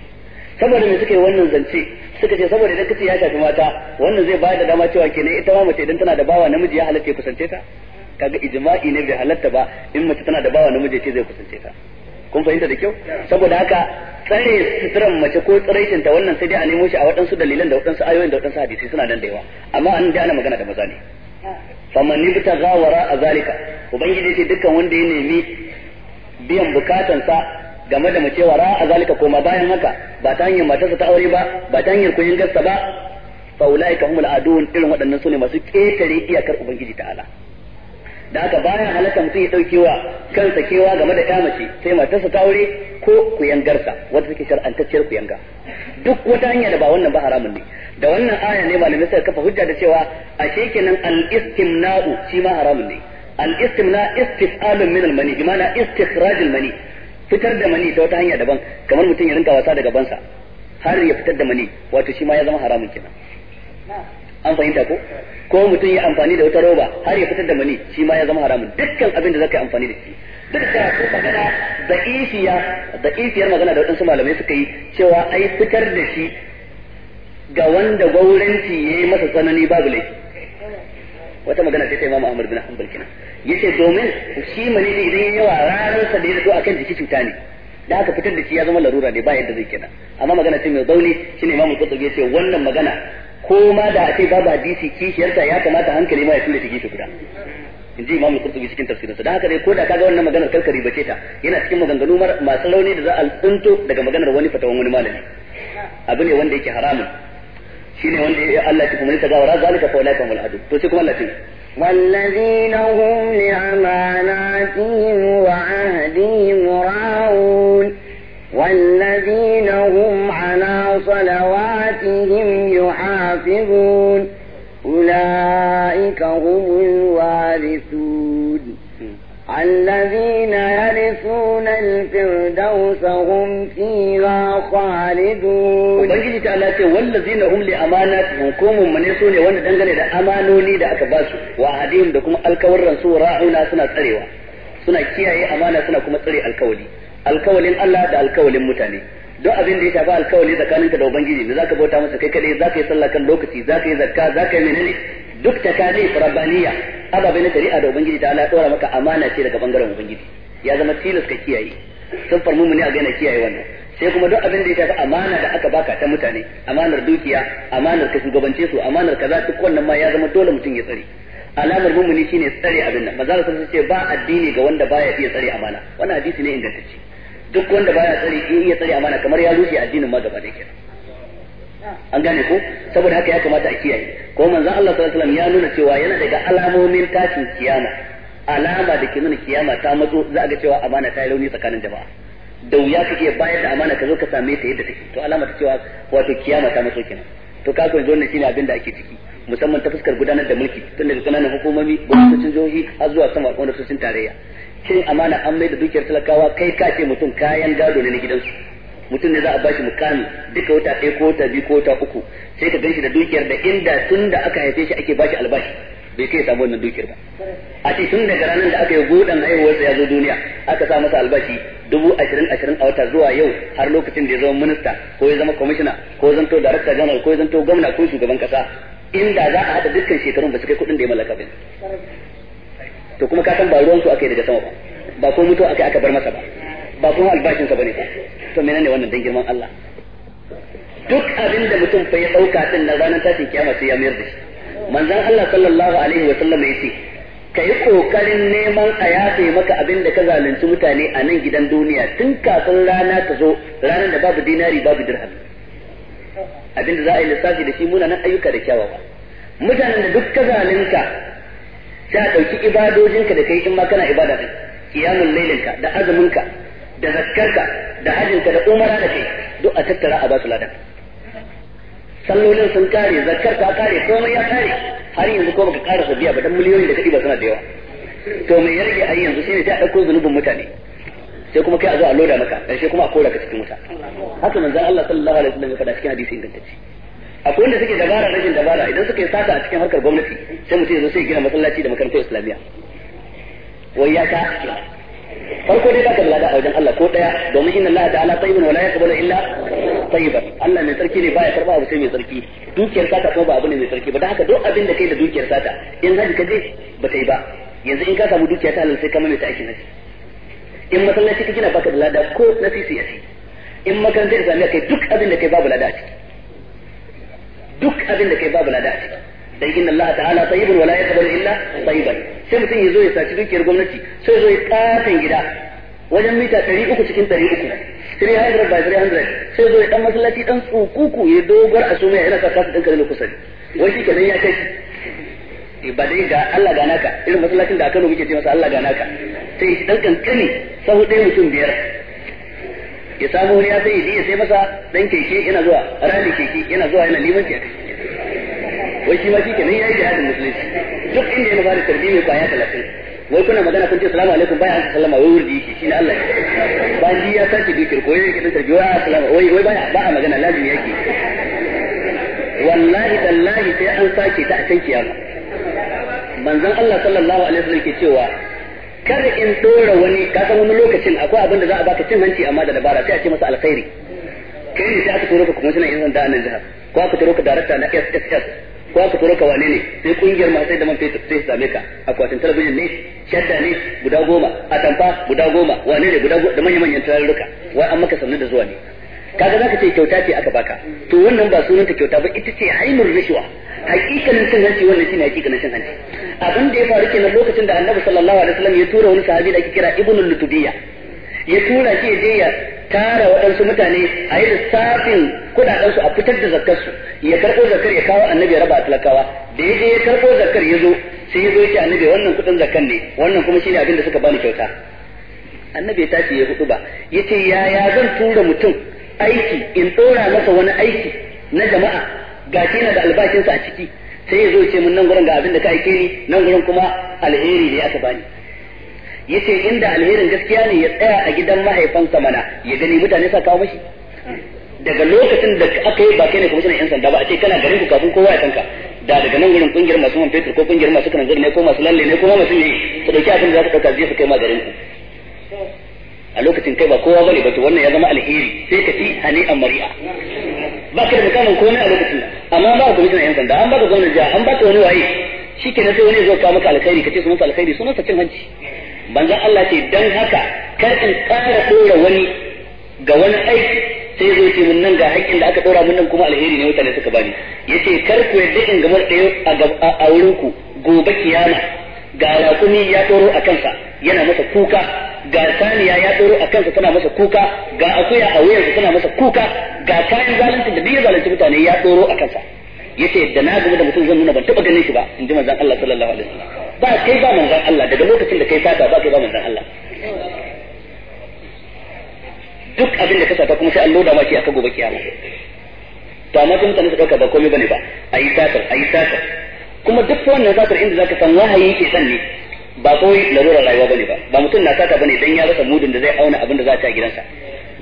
saboda me suka yi wannan zance suka ce saboda idan kace ya shafi mata wannan zai bayar da dama cewa kenan ita ma mace idan tana da bawa namiji ya halatta ya kusance ta kaga ijma'i ne bai halatta ba in mace tana da bawa namiji ce zai kusance ta kun fahimta da kyau saboda haka tsare suturan mace ko tsaraicin ta wannan sai dai a nemo shi a waɗansu dalilan da waɗansu ayoyin da waɗansu hadisi suna nan da yawa amma an dai ana magana da maza ne faman nibta gawara a zalika ubangiji ce dukkan wanda ya nemi biyan bukatansa game da mace wara a zalika koma bayan haka ba ta hanyar matarsa ta aure ba ba ta hanyar kuyin gasta ba fa ka humul adun irin waɗannan sune masu ƙetare iyakar ubangiji ta'ala da haka bayan halaka mutum ya dauke wa kansa kewa game da mace sai matarsa ta aure ko garsa wanda take shar'antacciyar kuyanga duk wata hanya da ba wannan ba haramun ne da wannan aya ne malamai suka kafa hujja da cewa a kenan al-istimna'u shi ma haramun ne al-istimna istif'alun min al-mani bi ma'ana istikhraj al-mani fitar da mani ta wata hanya daban kamar mutum ya rinka wasa da gabansa har ya fitar da mani wato shi ma ya zama haramun kenan an fahimta ko ko mutum ya amfani da wata roba har ya fitar da mani shi ma ya zama haramun dukkan abin da zaka yi amfani da shi duk da ko magana da ishiya da ishiyar magana da wadansu malamai suka yi cewa ai fitar da shi ga wanda gwauranci yayi masa tsanani babu laifi wata magana ta Imam Ahmad bin Hanbal kina yace domin shi mani ne idan ya yawa ranar sa da yato akan jiki cuta ne da aka fitar da shi ya zama larura ne ba yadda zai kina amma magana ce mai zauni shine Imam Qurtubi yace wannan magana ko ma da a ce babu hadisi kishiyarta ya kamata hankali ma ya tura shi gefe guda in ji imamu kurtubi cikin tafsirinsa da haka dai ko da kaga wannan maganar karka ribace ta yana cikin maganganu masu rauni da za a tsinto daga maganar wani fatawan wani malami abu ne wanda yake haramun shine wanda Allah ya kuma ta gawara zalika fa ulaka mul adu to sai kuma Allah ce wallazina والذين هم wa ahdihim raun wallazina hum ala salawatihim yuhafizun أولئك هم الذين يرثون الفردوس هم فيها خالدون ubangiji ta Allah ce wallazina hum li amanatihim ko ne wanda dangane da amanoni da aka ba su wa da kuma alkawarran su ra'una suna tsarewa suna kiyaye amana suna kuma tsare alkawali alkawalin Allah da alkawalin mutane duk abin da ya shafi alkawali tsakaninka da ubangiji ne zaka bauta masa kai kadai zaka yi kan lokaci zaka zakka zaka menene duk takalif rabbaniya ababai na shari'a da ubangiji ta Allah tsora maka amana ce daga bangaren ubangiji ya zama tilas ka kiyaye sun farmu mu ne a gaina kiyaye wannan sai kuma duk abin da ya tafi amana da aka baka ta mutane amanar dukiya amanar ka shugabance su amanar kaza duk wannan ma ya zama dole mutum ya tsare alamar mumuni shine tsare abin nan manzo sun ce ba addini ga wanda baya iya tsare amana wannan hadisi ne ingantacce duk wanda baya tsare iya tsare amana kamar ya rushe addinin ma gaba da kenan an gane ko saboda haka ya kamata a kiyaye ko manzon Allah sallallahu alaihi wasallam ya nuna cewa yana daga alamomin tashin kiyama alama da ke nuna kiyama ta mazo za a ga cewa amana ta yi rauni tsakanin jama'a da wuya kake bayar da amana ka zo ka same ta yadda take to alama ta cewa wato kiyama ta mazo kenan to ka koyi wannan shine abin da ake ciki musamman ta fuskar gudanar da mulki tun daga kananan hukumomi gwamnatocin jihohi har zuwa sama gwamnatocin tarayya cin amana an mai da dukiyar talakawa kai ka ce mutum kayan gado ne na gidansu mutum ne za a bashi mukami duka wata ɗaya ko wata biyu ko wata uku sai ka ganshi da dukiyar da inda tun da aka haife shi ake bashi albashi bai kai samu wannan dukiyar ba a ce tun daga ranar da aka yi gudan haihuwarsa ya zo duniya aka sa masa albashi dubu ashirin ashirin a wata zuwa yau har lokacin da ya zama minista ko ya zama kwamishina ko ya zanto darakta janar ko ya zanto gwamna ko shugaban kasa inda za a haɗa dukkan shekarun ba su kai kuɗin da ya mallaka ba to kuma ka san ba ruwan su aka yi daga sama ba ba ko mutuwa aka aka bar masa ba ba kuma albashinsa bane ba to menene wannan dan girman Allah duk abin da mutum fa ya dauka din na ranar tashin kiyama sai ya mayar da shi manzon Allah sallallahu alaihi wa sallam yace kai kokarin neman a yafe maka abin da ka zalunci mutane a nan gidan duniya tun kafin rana ta zo ranar da babu dinari babu dirham abin da za a yi lissafi da shi muna nan ayyuka da kyawawa mutanen da duk ka zalunta ta dauki ibadojinka da kai in ma kana ibada din qiyamul lailinka da azuminka da zakkarka da hajjinka da umara da ke duk a tattara a ba su ladan sallolin sun kare zakarka ka kare komai ya kare har yanzu ko baka kara biya ba dan miliyoyi da kadi ba suna da yawa to me ya rage yanzu shine sai a dauko zanubin mutane sai kuma kai a zo a loda maka sai kuma a kora ka cikin wuta haka manzon Allah sallallahu alaihi wasallam ya faɗa cikin hadisi ingantacce akwai wanda suke dabara rajin dabara idan suka yi sata a cikin harkar gwamnati sai mutum ya zo sai gina masallaci da makarantar islamiyya wai ya ta farko dai zaka lada a wajen Allah ko daya domin inna Allah ta'ala tayyibun wa la yaqbalu illa tayyiban Allah mai sarki ne baya karba abu sai mai sarki dukiyar sata kuma ba abu ne mai sarki ba dan haka duk abin da kai da dukiyar sata in haji ka je ba kai ba yanzu in ka samu dukiya ta halal sai ka ta aikin haji in masallaci ka gina baka da lada ko na sisi a e. in makaranta zama kai duk abin da kai babu lada a ciki duk abin da kai babu lada a ciki sai inna Allah ta'ala tayyibun wala yaqbalu illa tayyiban sai mutum yazo ya saci dukiyar gwamnati sai yazo ya katin gida wajen mita 300 cikin 300 300 by 300 sai yazo ya dan masallaci dan tsukuku ya dogar a sumaya yana ka kasu dinka da kusa wai shi kenan ya kai eh, ba dai ga Allah ga naka irin masallacin da aka muke ce masa Allah ga naka sai shi dan kankani sahu ɗaya mutum biyar ya samu wani ya sai ya sai masa dan keke yana zuwa rali keke yana zuwa yana liman keke. wai shi ma shi kenan yayi jihadin musulunci duk inda ya magana tarbiyyar mai ya talatin wai kuna magana kun ce assalamu alaikum baya an sallama wai wurdi shi shine Allah ba ji ya sake dukir ko yake da tarbi wai assalamu wai wai ba a magana lazimi yake wallahi tallahi sai an sake ta a can kiyama manzon Allah sallallahu alaihi wasallam ke cewa kada in dora wani ka san wani lokacin akwai abin da za a baka cin hanci amma da dabara sai a ce masa alkhairi kai ne sai aka turo ka kuma suna yin zanda a nan jihar ko aka turo ka darakta na SSS ko aka tura ka wane ne sai kungiyar masu sai da man fetur sai su same ka akwatin talabijin ne shadda ne guda goma tamfa guda goma wane ne guda goma da manya manyan tarurruka wai an maka sannu da zuwa ne kaga zaka ce kyauta ce aka baka to wannan ba sunanta kyauta ba ita ce ainur rishwa hakikanin cin hanci wannan shine hakikanin cin hanci abin da ya faru kenan lokacin da annabi sallallahu alaihi wasallam ya tura wani sahabi da ake kira ibnu lutubiyya ya tura shi je ya tara waɗansu mutane a yi lissafin kuɗaɗensu a fitar da zakarsu ya karɓo zakar ya kawo annabi ya raba a talakawa da ya je ya karɓo zakar ya zo sai ya zo ya ce annabi wannan kuɗin zakar ne wannan kuma shine abin da suka bani kyauta annabi ya tashi ya hudu ba ya ce yaya zan tura mutum aiki in ɗora masa wani aiki na jama'a ga shi na da albashinsa a ciki sai ya zo ya ce mun nan gurin ga abin da ka aike ni nan gurin kuma alheri ne aka bani yace inda alherin gaskiya ne ya tsaya a gidan mahaifansa mana ya gani mutane sa kawo mashi daga lokacin da aka yi bakai ba kai ne kwamishinan yan sanda ba a ce kana garin ku kafin kowa ya sanka da daga nan gurin kungiyar masu man fetur ko kungiyar masu kananzir ne ko masu lalle ne ko masu ne su dauki abin da za ka dauka zai su kai ma garin ku a lokacin kai ba kowa bane ba to wannan ya zama alheri sai ka ci hani an mari'a ba ka da mukamin komai a lokacin amma ba ka kwamishinan yan sanda an ba ka gwamnati an ba ka wani waye shi ke sai wani zai kawo maka alkhairi ka ce masa alkhairi su masa cin hanci banzan Allah ce dan haka kar in ƙara ɗora wani ga wani aiki sai zai ce mun nan ga haƙƙin da aka ɗora min nan kuma alheri ne mutane suka bani yace kar ku yarda in gamar ɗaya a wurin ku gobe kiyama ga raƙumi ya ɗoro a kansa yana masa kuka ga saniya ya ɗoro a kansa tana masa kuka ga akuya a wuyansa tana masa kuka ga kayan zalunci da biyu zalunci mutane ya ɗoro a kansa yace da na gaba da mutum zan nuna ban taba ganin shi ba in ji manzan Allah sallallahu alaihi wasallam ba kai ba manzan Allah daga lokacin da kai sata ba kai ba manzan Allah duk abin da ka sata kuma sai an loda maki aka gobe kiyama to amma kuma tana su ba komai bane ba ayi satar ayi satar kuma duk wannan satar inda zaka san wahayi yake san ne ba kawai larurar rayuwa bane ba ba mutum na sata bane dan ya rasa mudin da zai auna abin da za a ci a gidansa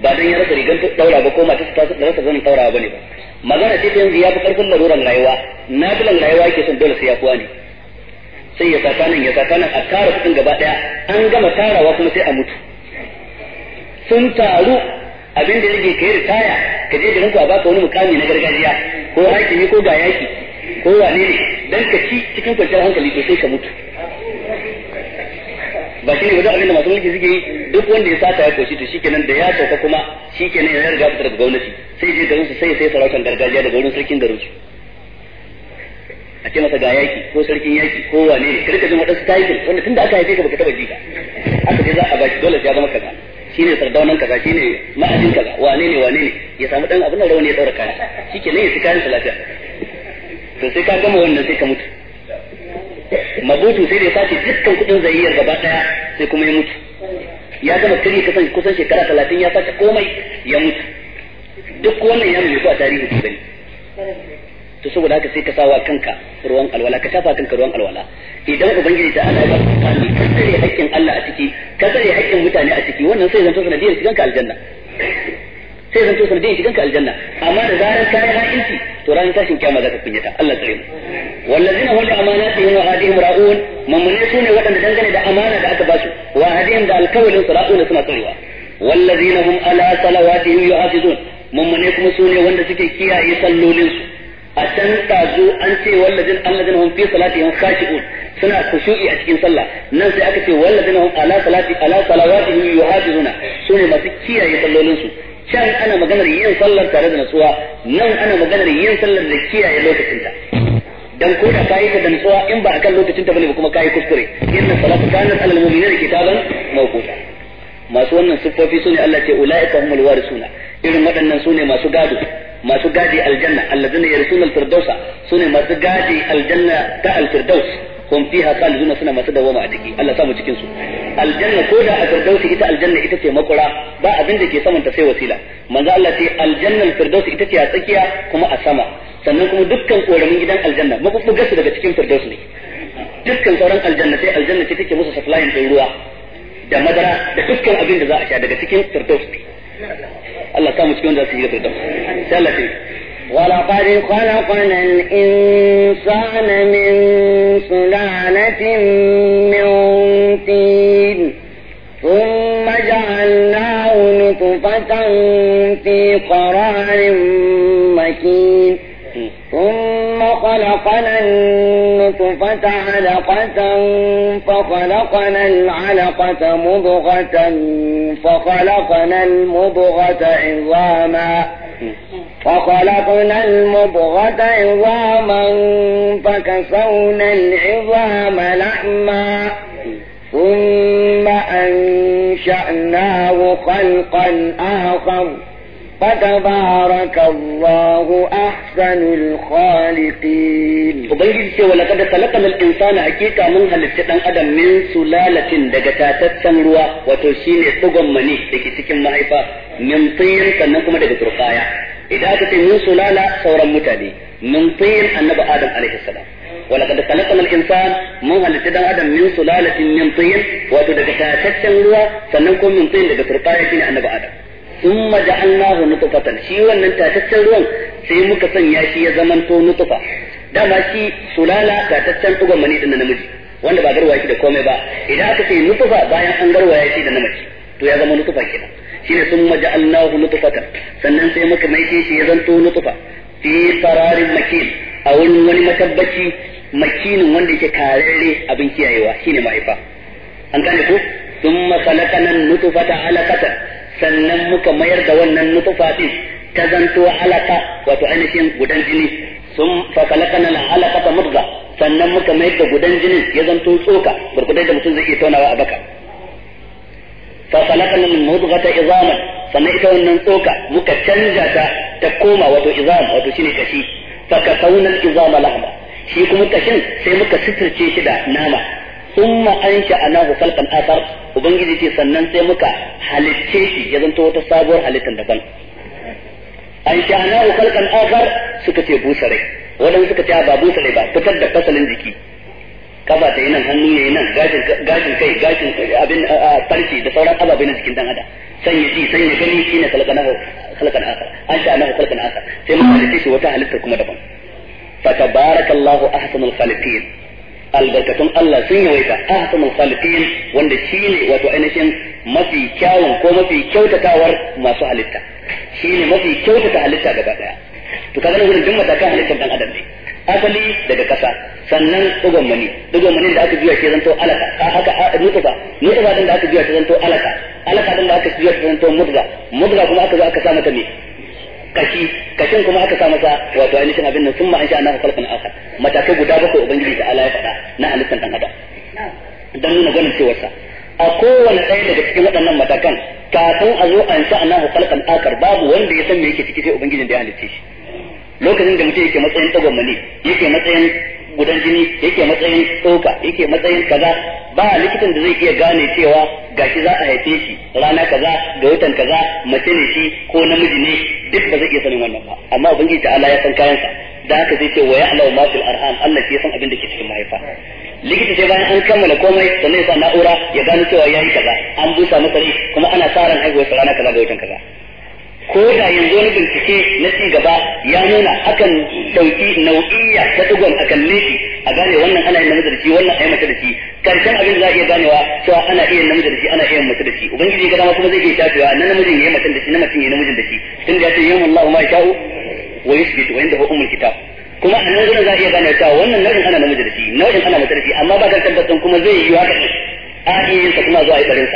ba dan ya rasa rigar daura ba ko mata ta rasa zanin daura bane ba magana ce ta yanzu ya fi ƙarfin laruran rayuwa na filan rayuwa yake son dole sai ya kuwa ne sai ya saka nan ya saka nan a tara kuɗin gaba ɗaya an gama tarawa kuma sai a mutu sun taru abin da yake kai ritaya ka je garin ku a baka wani mukami na gargajiya ko ne ko ga yaki ko wane ne dan ka ci cikin kwanciyar hankali to sai ka mutu ba shi ne wajen abin da masu mulki suke yi duk wanda ya sata ya koshi to kenan da ya sauka kuma kenan ya riga fitar da gwamnati sai je garin su sai sai sarautar gargajiya daga wurin sarkin garin su a ce masa ga yaki ko sarkin yaki ko wane ne kirka jin wadansu title wanda tunda aka haife ka baka taba ji ka aka je za a bashi dole ya zama kaza shine sardaunan kaza shine ma'ajin kaza wane ne wane ne ya samu dan abin da rawani ya daura kaya shikenan ya ci kayan sa lafiya to sai ka gama wannan sai ka mutu mabutu sai da ya sace dukkan kudin zayyar gaba daya sai kuma ya mutu ya gama kiri kusan shekara talatin ya sace komai ya mutu duk wannan ya rubuta a tarihi ku gani to saboda haka sai ka sawa kanka ruwan alwala ka tafa kanka ruwan alwala idan ubangiji ta Allah ya baka kani ka tsare haƙƙin Allah a ciki ka tsare haƙƙin mutane a ciki wannan sai zanto sanadiyar shiganka aljanna sai zanto sanadiyar shiganka aljanna amma da zarar ka yi ha'inci to ranar tashin kyama za ka kunyata Allah tsare mu wallazina hum li amanatihim wa ahdihim ra'un mamune ne waɗanda dangane da amana da aka ba su wa ahdihim da alkawalin su ra'un suna tsarewa wallazina hum ala salawatihim yuhafizun mummune kuma su ne wanda suke kiyaye sallolinsu a can tazo an ce wallazin allazina hum fi salatihim khashi'un suna khushu'i a cikin sallah nan sai aka ce wallazina hum ala salati ala salawatihim yuhafizuna su ne masu kiyaye sallolinsu can ana maganar yin sallar tare da natsuwa nan ana maganar yin sallar da kiyaye lokacinta dan ko da kayi ka da natsuwa in ba akan lokacinta bane ba kuma kayi kuskure inna salatu kanat alal mu'minina kitaban mawquta masu wannan siffofi sune Allah ce ulaika humul warisuna irin waɗannan sune masu gado masu gadi aljanna allazina yarsuna alfirdausa sune masu gadi aljanna ta alfirdaus hum fiha khaliduna suna masu dawama a ciki Allah samu cikin su aljanna ko da alfirdausi ita aljanna ita ce makura ba abin da ke saman ta sai wasila manzo Allah ce aljanna alfirdausi ita ce a tsakiya kuma a sama sannan kuma dukkan koramin gidan aljanna mabubbugar gasu daga cikin firdaus ne dukkan sauran aljanna sai aljanna ce take musu supplying din ruwa da madara da dukkan abin da za a sha daga cikin firdaus Allah samu cikin da su yi firdaus sai Allah ولقد خلقنا الإنسان من سلالة من طين ثم جعلناه نطفة في قرار مكين ثم خلقنا نطفة علقة فخلقنا العلقة مضغة فخلقنا المضغة عظاما فخلقنا المضغة عظاما فكسونا العظام لحما ثم أنشأناه خلقا آخر فتبارك الله أحسن الخالقين وبنجد سوى لقد خلقنا الإنسان حقيقة من هل الشيطان أدم من سلالة دقتاتت سمروا وتوشين سقم مني لكي تكن مهيفة من طين سنكم دقت رقايا إذا أتت من سلالة صورا متالي من طين النبي آدم عليه السلام ولقد خلقنا الانسان من halitta dan adam min sulalatin min tin wato daga tataccen ruwa sannan ko min tin daga turqaya shine annabi adam thumma ja'alnahu nutfatan shi wannan tataccen ruwan sai muka sanya shi ya zamanto nutfa dama shi sulala tataccen tugon mani din namiji wanda ba garwaya shi da komai ba idan aka ce nutfa bayan an garwaya shi da namiji to ya zama nutfa kenan shine thumma ja'alnahu nutfatan sannan sai muka maishe shi ya zanto nutfa fi qararin makin a wani wani matabbaci makinin wanda yake kararre abin kiyayewa shine mahaifa an gane ko thumma khalaqana nutfata alaqatan sannan muka mayar da wannan nutfa din ta zanto alaka wato ainihin gudan jini sun fakalakana na alaka ta mudga sannan muka mayar da gudan jinin ya zanto tsoka gurgudai da mutum zai iya taunawa a baka fakalakana na mudga ta izama sannan ita wannan tsoka muka canja ta ta koma wato izama wato shine kashi fakasaunan izama lahma shi kuma kashin sai muka suturce shi da nama thumma ansha'nahu khalqan akhar ubangiji ce sannan sai muka halicce shi ya zanto wata sabuwar halittar daban ansha'nahu khalqan akhar suka ce busare wadan suka ce ba busare ba fitar da fasalin jiki kafa ta yi nan hannu ya yi nan gashin kai gashin abin farki da sauran ababe na jikin dan adam sanya ji sanya gani shine khalqanahu khalqan wata halittar kuma daban فتبارك الله أحسن الخالقين albarkatun Allah sun yi a ahsanul khaliqin wanda shine wato ainihin mafi kyawun ko mafi kyautatawar masu halitta shine mafi kyautata halitta gaba daya to kaga nan duk matakan halittar dan adam ne asali daga kasa sannan dugon mani dugon mani da aka juya shi zanto alaka haka nutfa nutfa din da aka juya shi zanto alaka alaka din da aka juya shi zanto mudga mudga kuma aka zo aka sa mata ne kashi kashin kuma aka sa masa wato ainihin abin nan sun ma'anshi annahu khalqan akhar matakai guda bakwai ubangiji da ala ya faɗa na halittar dan adam don nuna ganin cewarsa a kowane ɗaya daga cikin waɗannan matakan kafin a zo an sha annahu khalqan akhar babu wanda ya san me yake ciki sai ubangijin da ya halitta shi lokacin da mutum yake matsayin tsagon mani yake matsayin gudan jini yake matsayin tsoka yake matsayin kaza ba likitan da zai iya gane cewa ga gashi za a haife shi rana kaza ga watan kaza mace ne shi ko namiji ne duk ba zai iya sanin wannan ba amma ubangiji allah ya san kayansa da haka zai ce wa ya'lamu ma fil arham Allah ke san abin da ke cikin mahaifa likita sai bayan an kammala komai sannan ya sa na'ura ya gane cewa yayi kaza an busa masa rai kuma ana sa ran haihuwar rana kaza da watan kaza ko da yanzu wani bincike na ci gaba ya nuna akan dauki nau'iyya ta dugon a kalle shi a gane wannan ana yin namiji da shi wannan ayi mace da shi karshen abin za a iya ganewa cewa ana iya yin namiji da shi ana iya yin mace da shi ubangiji ga dama kuma zai iya shafewa na namijin ya yi mace da shi na mace yayi namijin da shi tun da ya ce yawm Allahu ma yasha'u wa yuthbitu wa indahu ummul kitab kuma a nan gurin za a iya gane cewa wannan nau'in ana namiji da shi nau'in ana mace da shi amma ba ka tabbatar kuma zai yi haka a iya yin sa kuma zuwa yi barin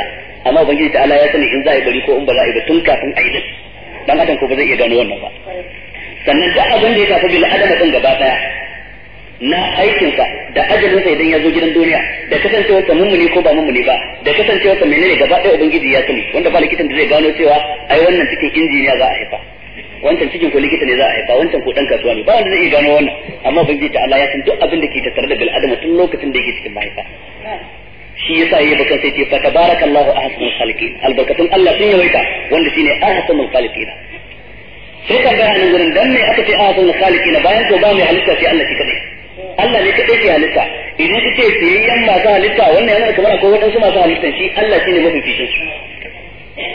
amma ubangiji ta'ala ya sani in za a yi bari ko in ba za a yi ba tun kafin a yi dan adam ko ba zai iya gano wannan ba sannan duk abin da ya tafi bil adam din gaba daya na aikinsa da ajalinsa idan ya zo gidan duniya da kasancewarsa mummuni ko ba mummuni ba da kasancewarsa menene gaba daya ubangiji ya sani wanda ba likitan da zai gano cewa ai wannan cikin injiniya za a haifa wancan cikin ko likita ne za a haifa wancan ko dan kasuwa ne ba wanda zai iya gano wannan amma ubangiji ta Allah ya san duk abin da ke tattare da bil adam tun lokacin da yake cikin mahaifa shi yasa yayi baka sai ce fa tabarakallahu ahsanul khaliqin albarkatun Allah sun yawaita wanda shine ahsanul khaliqin sai ka ga nan gurin dan me aka ce ahsanul khaliqin bayan to ba mai halitta sai Allah shi kadai Allah ne kadai ke halitta idan kace fiyayyen masu halitta wannan yana kamar akwai wadansu masu halitta shi Allah shine mafificin su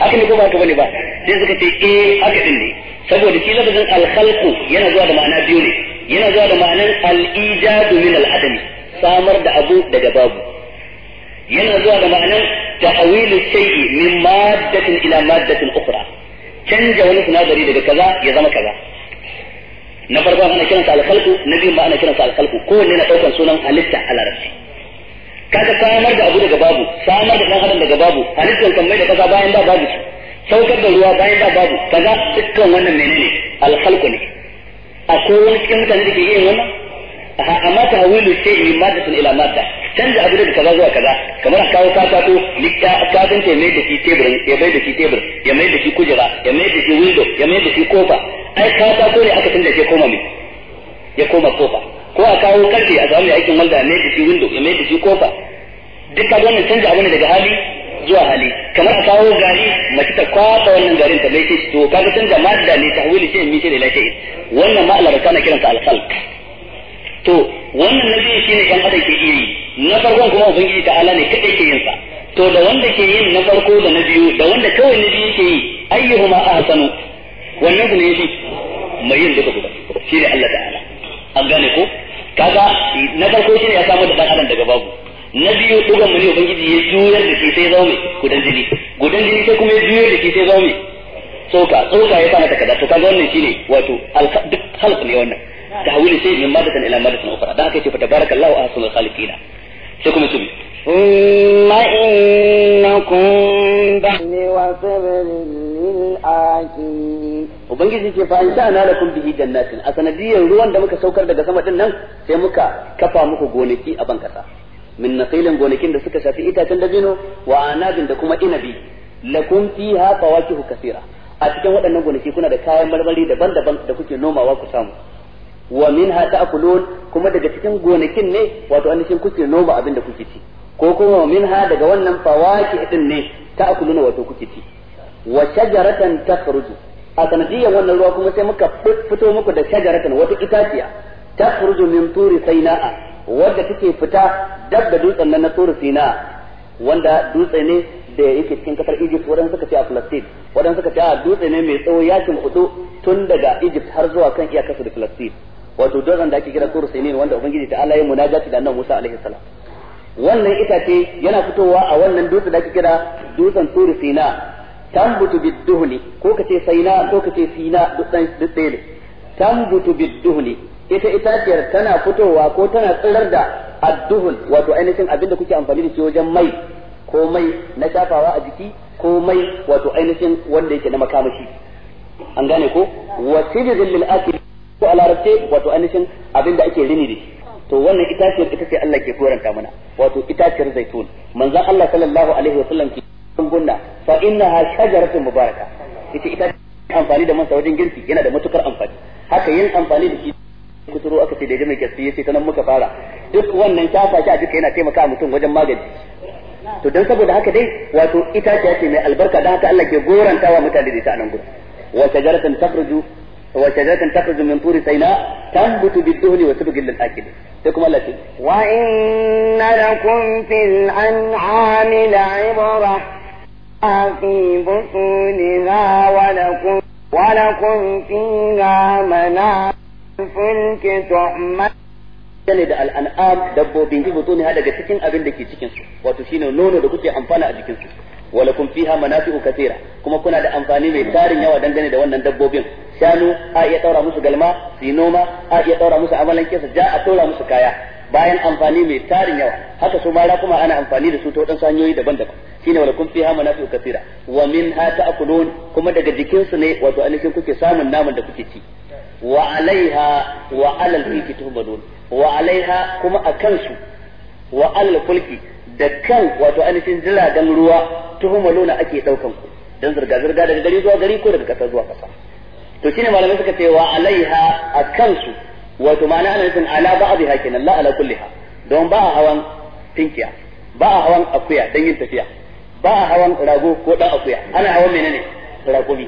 haka ne ko ba ka bane ba sai suka ce eh haka din ne saboda shi lafazin al-khalqu yana zuwa da ma'ana biyu ne yana zuwa da ma'anar al-ijadu min al-adami samar da abu daga babu yana zuwa ga ma'anan tahwilu shay'i min maddatin ila maddatin ukhra canja wani sinadari daga kaza ya zama kaza na farko ana kiransa alkhalqu na biyu ma ana kiransa ko kowanne na daukan sunan halitta a larabci kaga samar da abu daga babu samar da dan adam daga babu halittar kan mai da kaza bayan da babu shi saukar da ruwa bayan da babu kaza dukkan wannan menene al-khalqu ne akwai wani cikin mutane da ke yin wannan amma tahwilu shay'i sun ila madda canza abu daga kaza zuwa kaza kamar a kawo katako likka katin ta mai da shi tebur ya mai da shi tebur ya mai da shi kujera ya mai da shi window ya mai da shi kofa ai katako ne aka canza shi koma mai ya koma kofa ko a kawo karfe a zamanin aikin wanda ya mai da shi window ya mai da shi kofa duk ka wannan canza abu ne daga hali zuwa hali kamar a kawo gari mace ta kwasa wannan garin ta bai ce to kaga canza madda ne ta wuli shay'in min shay'in ila shay'in wannan ma'alar kana kiransa al-khalq to wannan na biyu shine yan adam ke iri na farkon kuma ubangiji ta ala ne kada ke yin sa to da wanda ke yin na farko da na biyu da wanda kawai na biyu ke yi ayyuhuma ahsanu wannan su ne yafi mai yin duka guda shine Allah ta'ala an gane ko kaga na farko shine ya samu da dan adam daga babu na biyu dugan mu ne ubangiji ya juyar da shi sai zaume gudan jini gudan jini sai kuma ya juyar da shi sai zaume tsoka tsoka ya sa mata kaza to kaga wannan shine wato duk halq ne wannan tahwil shay min madatan ila madatan ukhra da haka yace fa tabarakallahu ahsanul khaliqin sai kuma su ثم إنكم بعد وصبر للآكلين Ubangiji ce fa an sha na lakum bihi jannatin a sanadiyar ruwan da muka saukar daga sama din nan sai muka kafa muku gonaki a ban kasa min nasilin gonakin da suka shafi itacen dabino wa anabin da kuma inabi lakum fiha fawakihu kaseera a cikin waɗannan gonaki kuna da kayan marmari daban-daban da kuke nomawa ku samu wa minha ta'kulun kuma daga cikin gonakin ne wato annashin kuke noma abin da kuke ci ko kuma wa minha daga wannan fawaki din ne ta'kuluna wato kuke ci wa shajaratan takhruju a sanadiyan wannan ruwa kuma sai muka fito muku da shajaratan wata itaciya takhruju min turi sainaa wadda take fita dab da dutsen nan na turi Saina'a. wanda dutse ne da yake cikin kasar Egypt waɗansu suka ce a Palestine waɗansu suka ce a dutse ne mai tsawo yakin hudu tun daga Egypt har zuwa kan iyakar da Palestine wato dozan da ake kira turu sinin wanda ubangiji ta Allah ya munajati da annabi Musa alaihi salam wannan itace yana fitowa a wannan dutse da ake kira dutsen turu sina tambutu bidduhni ko kace saina ko kace sina dutsen dutsele tambutu bidduhni ita itaciyar tana fitowa ko tana tsirar da adduhun wato ainihin abin da kuke amfani da shi wajen mai ko mai na shafawa a jiki ko mai wato ainihin wanda yake na makamashi an gane ko wa tijrin lil akil ko a larabce wato ainihin abin da ake rini da shi to wannan itaciyar ita ce Allah ke koranta mana wato itaciyar zaitun manzon Allah sallallahu alaihi wasallam ke gunna fa innaha shajaratun mubaraka ita ita amfani da man sa wajen girki yana da matukar amfani haka yin amfani da shi kuturo aka ce da jami'a gaskiya sai ta nan muka fara duk wannan shafa shi a duka yana taimaka mutum wajen magani to dan saboda haka dai wato itaciya ce mai albarka dan haka Allah ke gorantawa mutane da ita a nan gudu wa shajaratan takhruju وشجرة تخرج من طور سيناء تنبت بالدهن وسبق للآكل لكم الله وإن لكم في الأنعام لعبرة في بطونها ولكم ولكم فيها منافع الفلك تعمل ne da al'an'am dabbobi bi mutune ha daga cikin abin da ke cikin su wato shine nono da kuke amfana a jikin su wa lakum fiha manafi'u katira kuma kuna da amfani mai tarin yawa dangane da wannan dabbobin shanu a iya daura musu galma su noma a iya daura musu amalan kesa ja a daura musu kaya bayan amfani mai tarin yawa haka su mara kuma ana amfani da su ta wadansu hanyoyi daban-daban shine wala kun fiha manafi'u katira wa min minha ta'kulun kuma daga jikin su ne wato ainihin kuke samun naman da kuke ci wa alaiha wa alal fulki tuhmadun wa alaiha kuma akan su wa alal fulki da kan wato ainihin jiragen ruwa tuhumaluna ake daukan ku dan zirga zirga daga gari zuwa gari ko daga kasa zuwa kasa to shine malamai suka cewa alaiha a kansu wato ma'ana ana nufin ala ba'dha kenan la ala kulliha don ba a hawan tinkiya ba a hawan akuya dan yin tafiya ba a hawan rago ko dan akuya ana hawan menene ragobi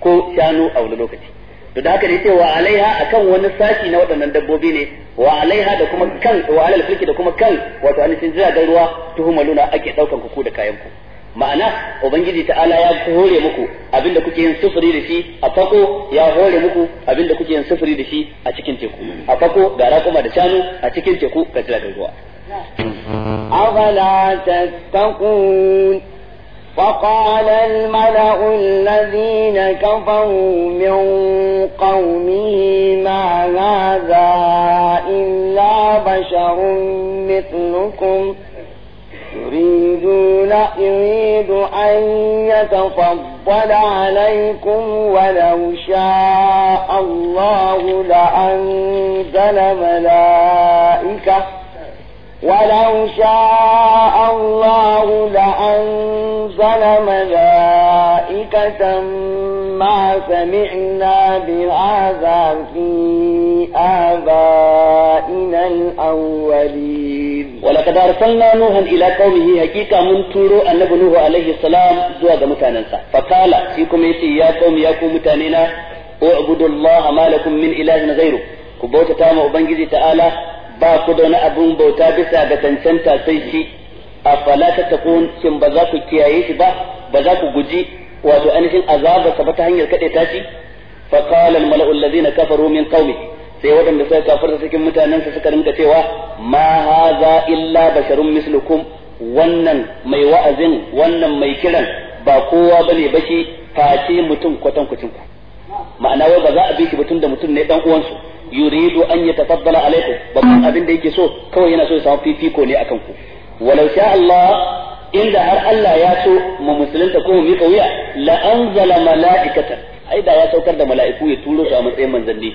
ko shanu a wani lokaci to da haka ne ce wa alaiha akan wani saki na waɗannan dabbobi ne wa alaiha da kuma kan wa alal fulki da kuma kan wato an cin jira da ruwa tuhumaluna ake daukan ku da kayanku. ku ma'ana ubangiji ta'ala ya hore muku abinda kuke yin sufuri da shi a fako ya hore muku abinda kuke yin sufuri da shi a cikin teku a fako ga raƙuma da shanu a cikin teku ga jira ruwa أفلا تتقون فقال الملأ الذين كفروا من قومه ما هذا إلا بشر مثلكم يريدون يريد أن يتفضل عليكم ولو شاء الله لأنزل ملائكة ولو شاء الله لأنزل ملائكة ما سمعنا بهذا في آبائنا الأولين ولقد أرسلنا نوحا إلى قومه حقيقة من تورو النبي نوح عليه السلام زواج متاننسا فقال فيكم يا قوم يا قوم متاننا اعبدوا الله ما لكم من إله غيره كبوتة تامة وبنجزي تعالى ba ku da wani abun bauta bisa ga cancanta sai shi a falata ta kun shin ba za ku kiyaye shi ba ba za ku guji wato ainihin azaba sa ba ta hanyar kade ta shi fa qala al mala'u alladhina kafaru min sai wadanda suka kafarta cikin mutanen su suka rinka cewa ma hadha illa basharun mislukum wannan mai wa'azin wannan mai kiran ba kowa bane ba shi face mutum kwatankwacin ku ma'ana wai ba za a bi shi mutum da mutum ne dan uwansu yuridu an yatafaddala alaikum babban abin da yake so kawai yana so ya samu fifiko ne akan ku walau sha Allah inda har Allah ya so mu musulunta ko mu mika wuya la anzala mala'ikatan ai da ya saukar da mala'iku ya turo su a matsayin manzanni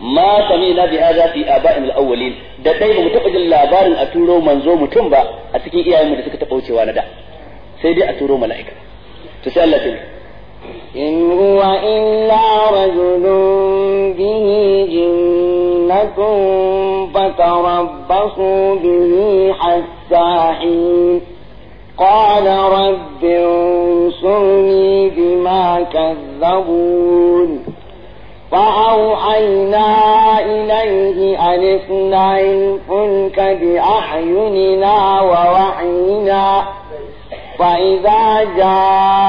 ma sami'na bi hadha fi aba'in al-awwalin da dai ba mu taba jin labarin a turo manzo mutum ba a cikin iyayenmu da suka taba wucewa na da sai dai a turo mala'ika to sai Allah ya إن هو إلا رجل به جنة فتربصوا به حتى حين قال رب انصرني بما كذبون فأوحينا إليه أن اصنع الفلك بأعيننا ووحينا فإذا جاء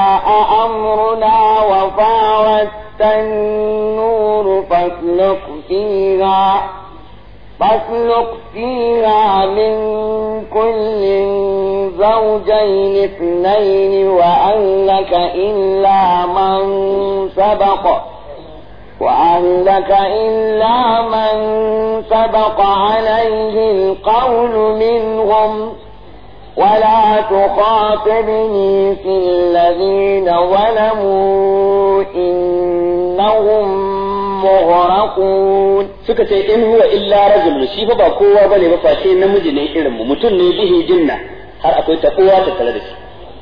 أمرنا وطارت التنور فاسلك فيها فاسلك فيها من كل زوجين اثنين وأهلك إلا من سبق وأهلك إلا من سبق عليه القول منهم ولا تخاطبني في الذين ظلموا إنهم مغرقون suka ce in huwa illa rajul shi fa ba kowa bane ba face namiji ne irin mu mutum ne bihi jinna har akwai takowa ta tare da shi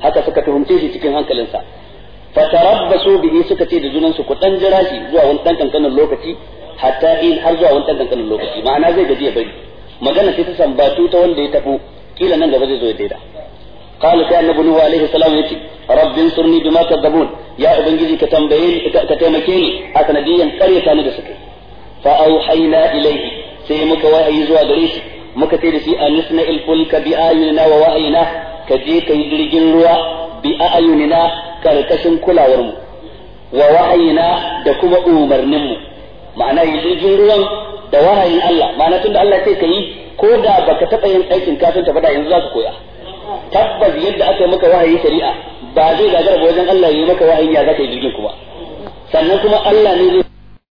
haka suka tuhumce shi cikin hankalinsa fa tarabbasu bihi suka ce da junansu ku dan jira shi zuwa wani dan kankanin lokaci hatta in har zuwa wani dan kankanin lokaci ma'ana zai gaji ya bari magana sai ta sambatu ta wanda ya tabo kila nan gaba zai zo ya daida قال sai yace rabbin surni bima kadabun ya ubangiji ka tambaye ka taimake ni a sanadiyan karyata ni da suka fa auhayna ilaihi sai muka wahayi zuwa gare shi muka ce da shi anisna il fulka bi ayunina wa wahayina ka je ka yi jirgin ruwa bi ayunina karkashin kulawar mu wa da kuma umarnin ma'ana yi jirgin ruwan da wahayin Allah ma'ana tunda Allah ce ka yi ko da baka taɓa yin aikin kafin ta da yanzu za ka koya tabbas yadda aka yi maka wahayi shari'a ba zai gagara wajen Allah ya yi maka wahayi ya zaka yi jirgin kuma sannan kuma Allah ne zai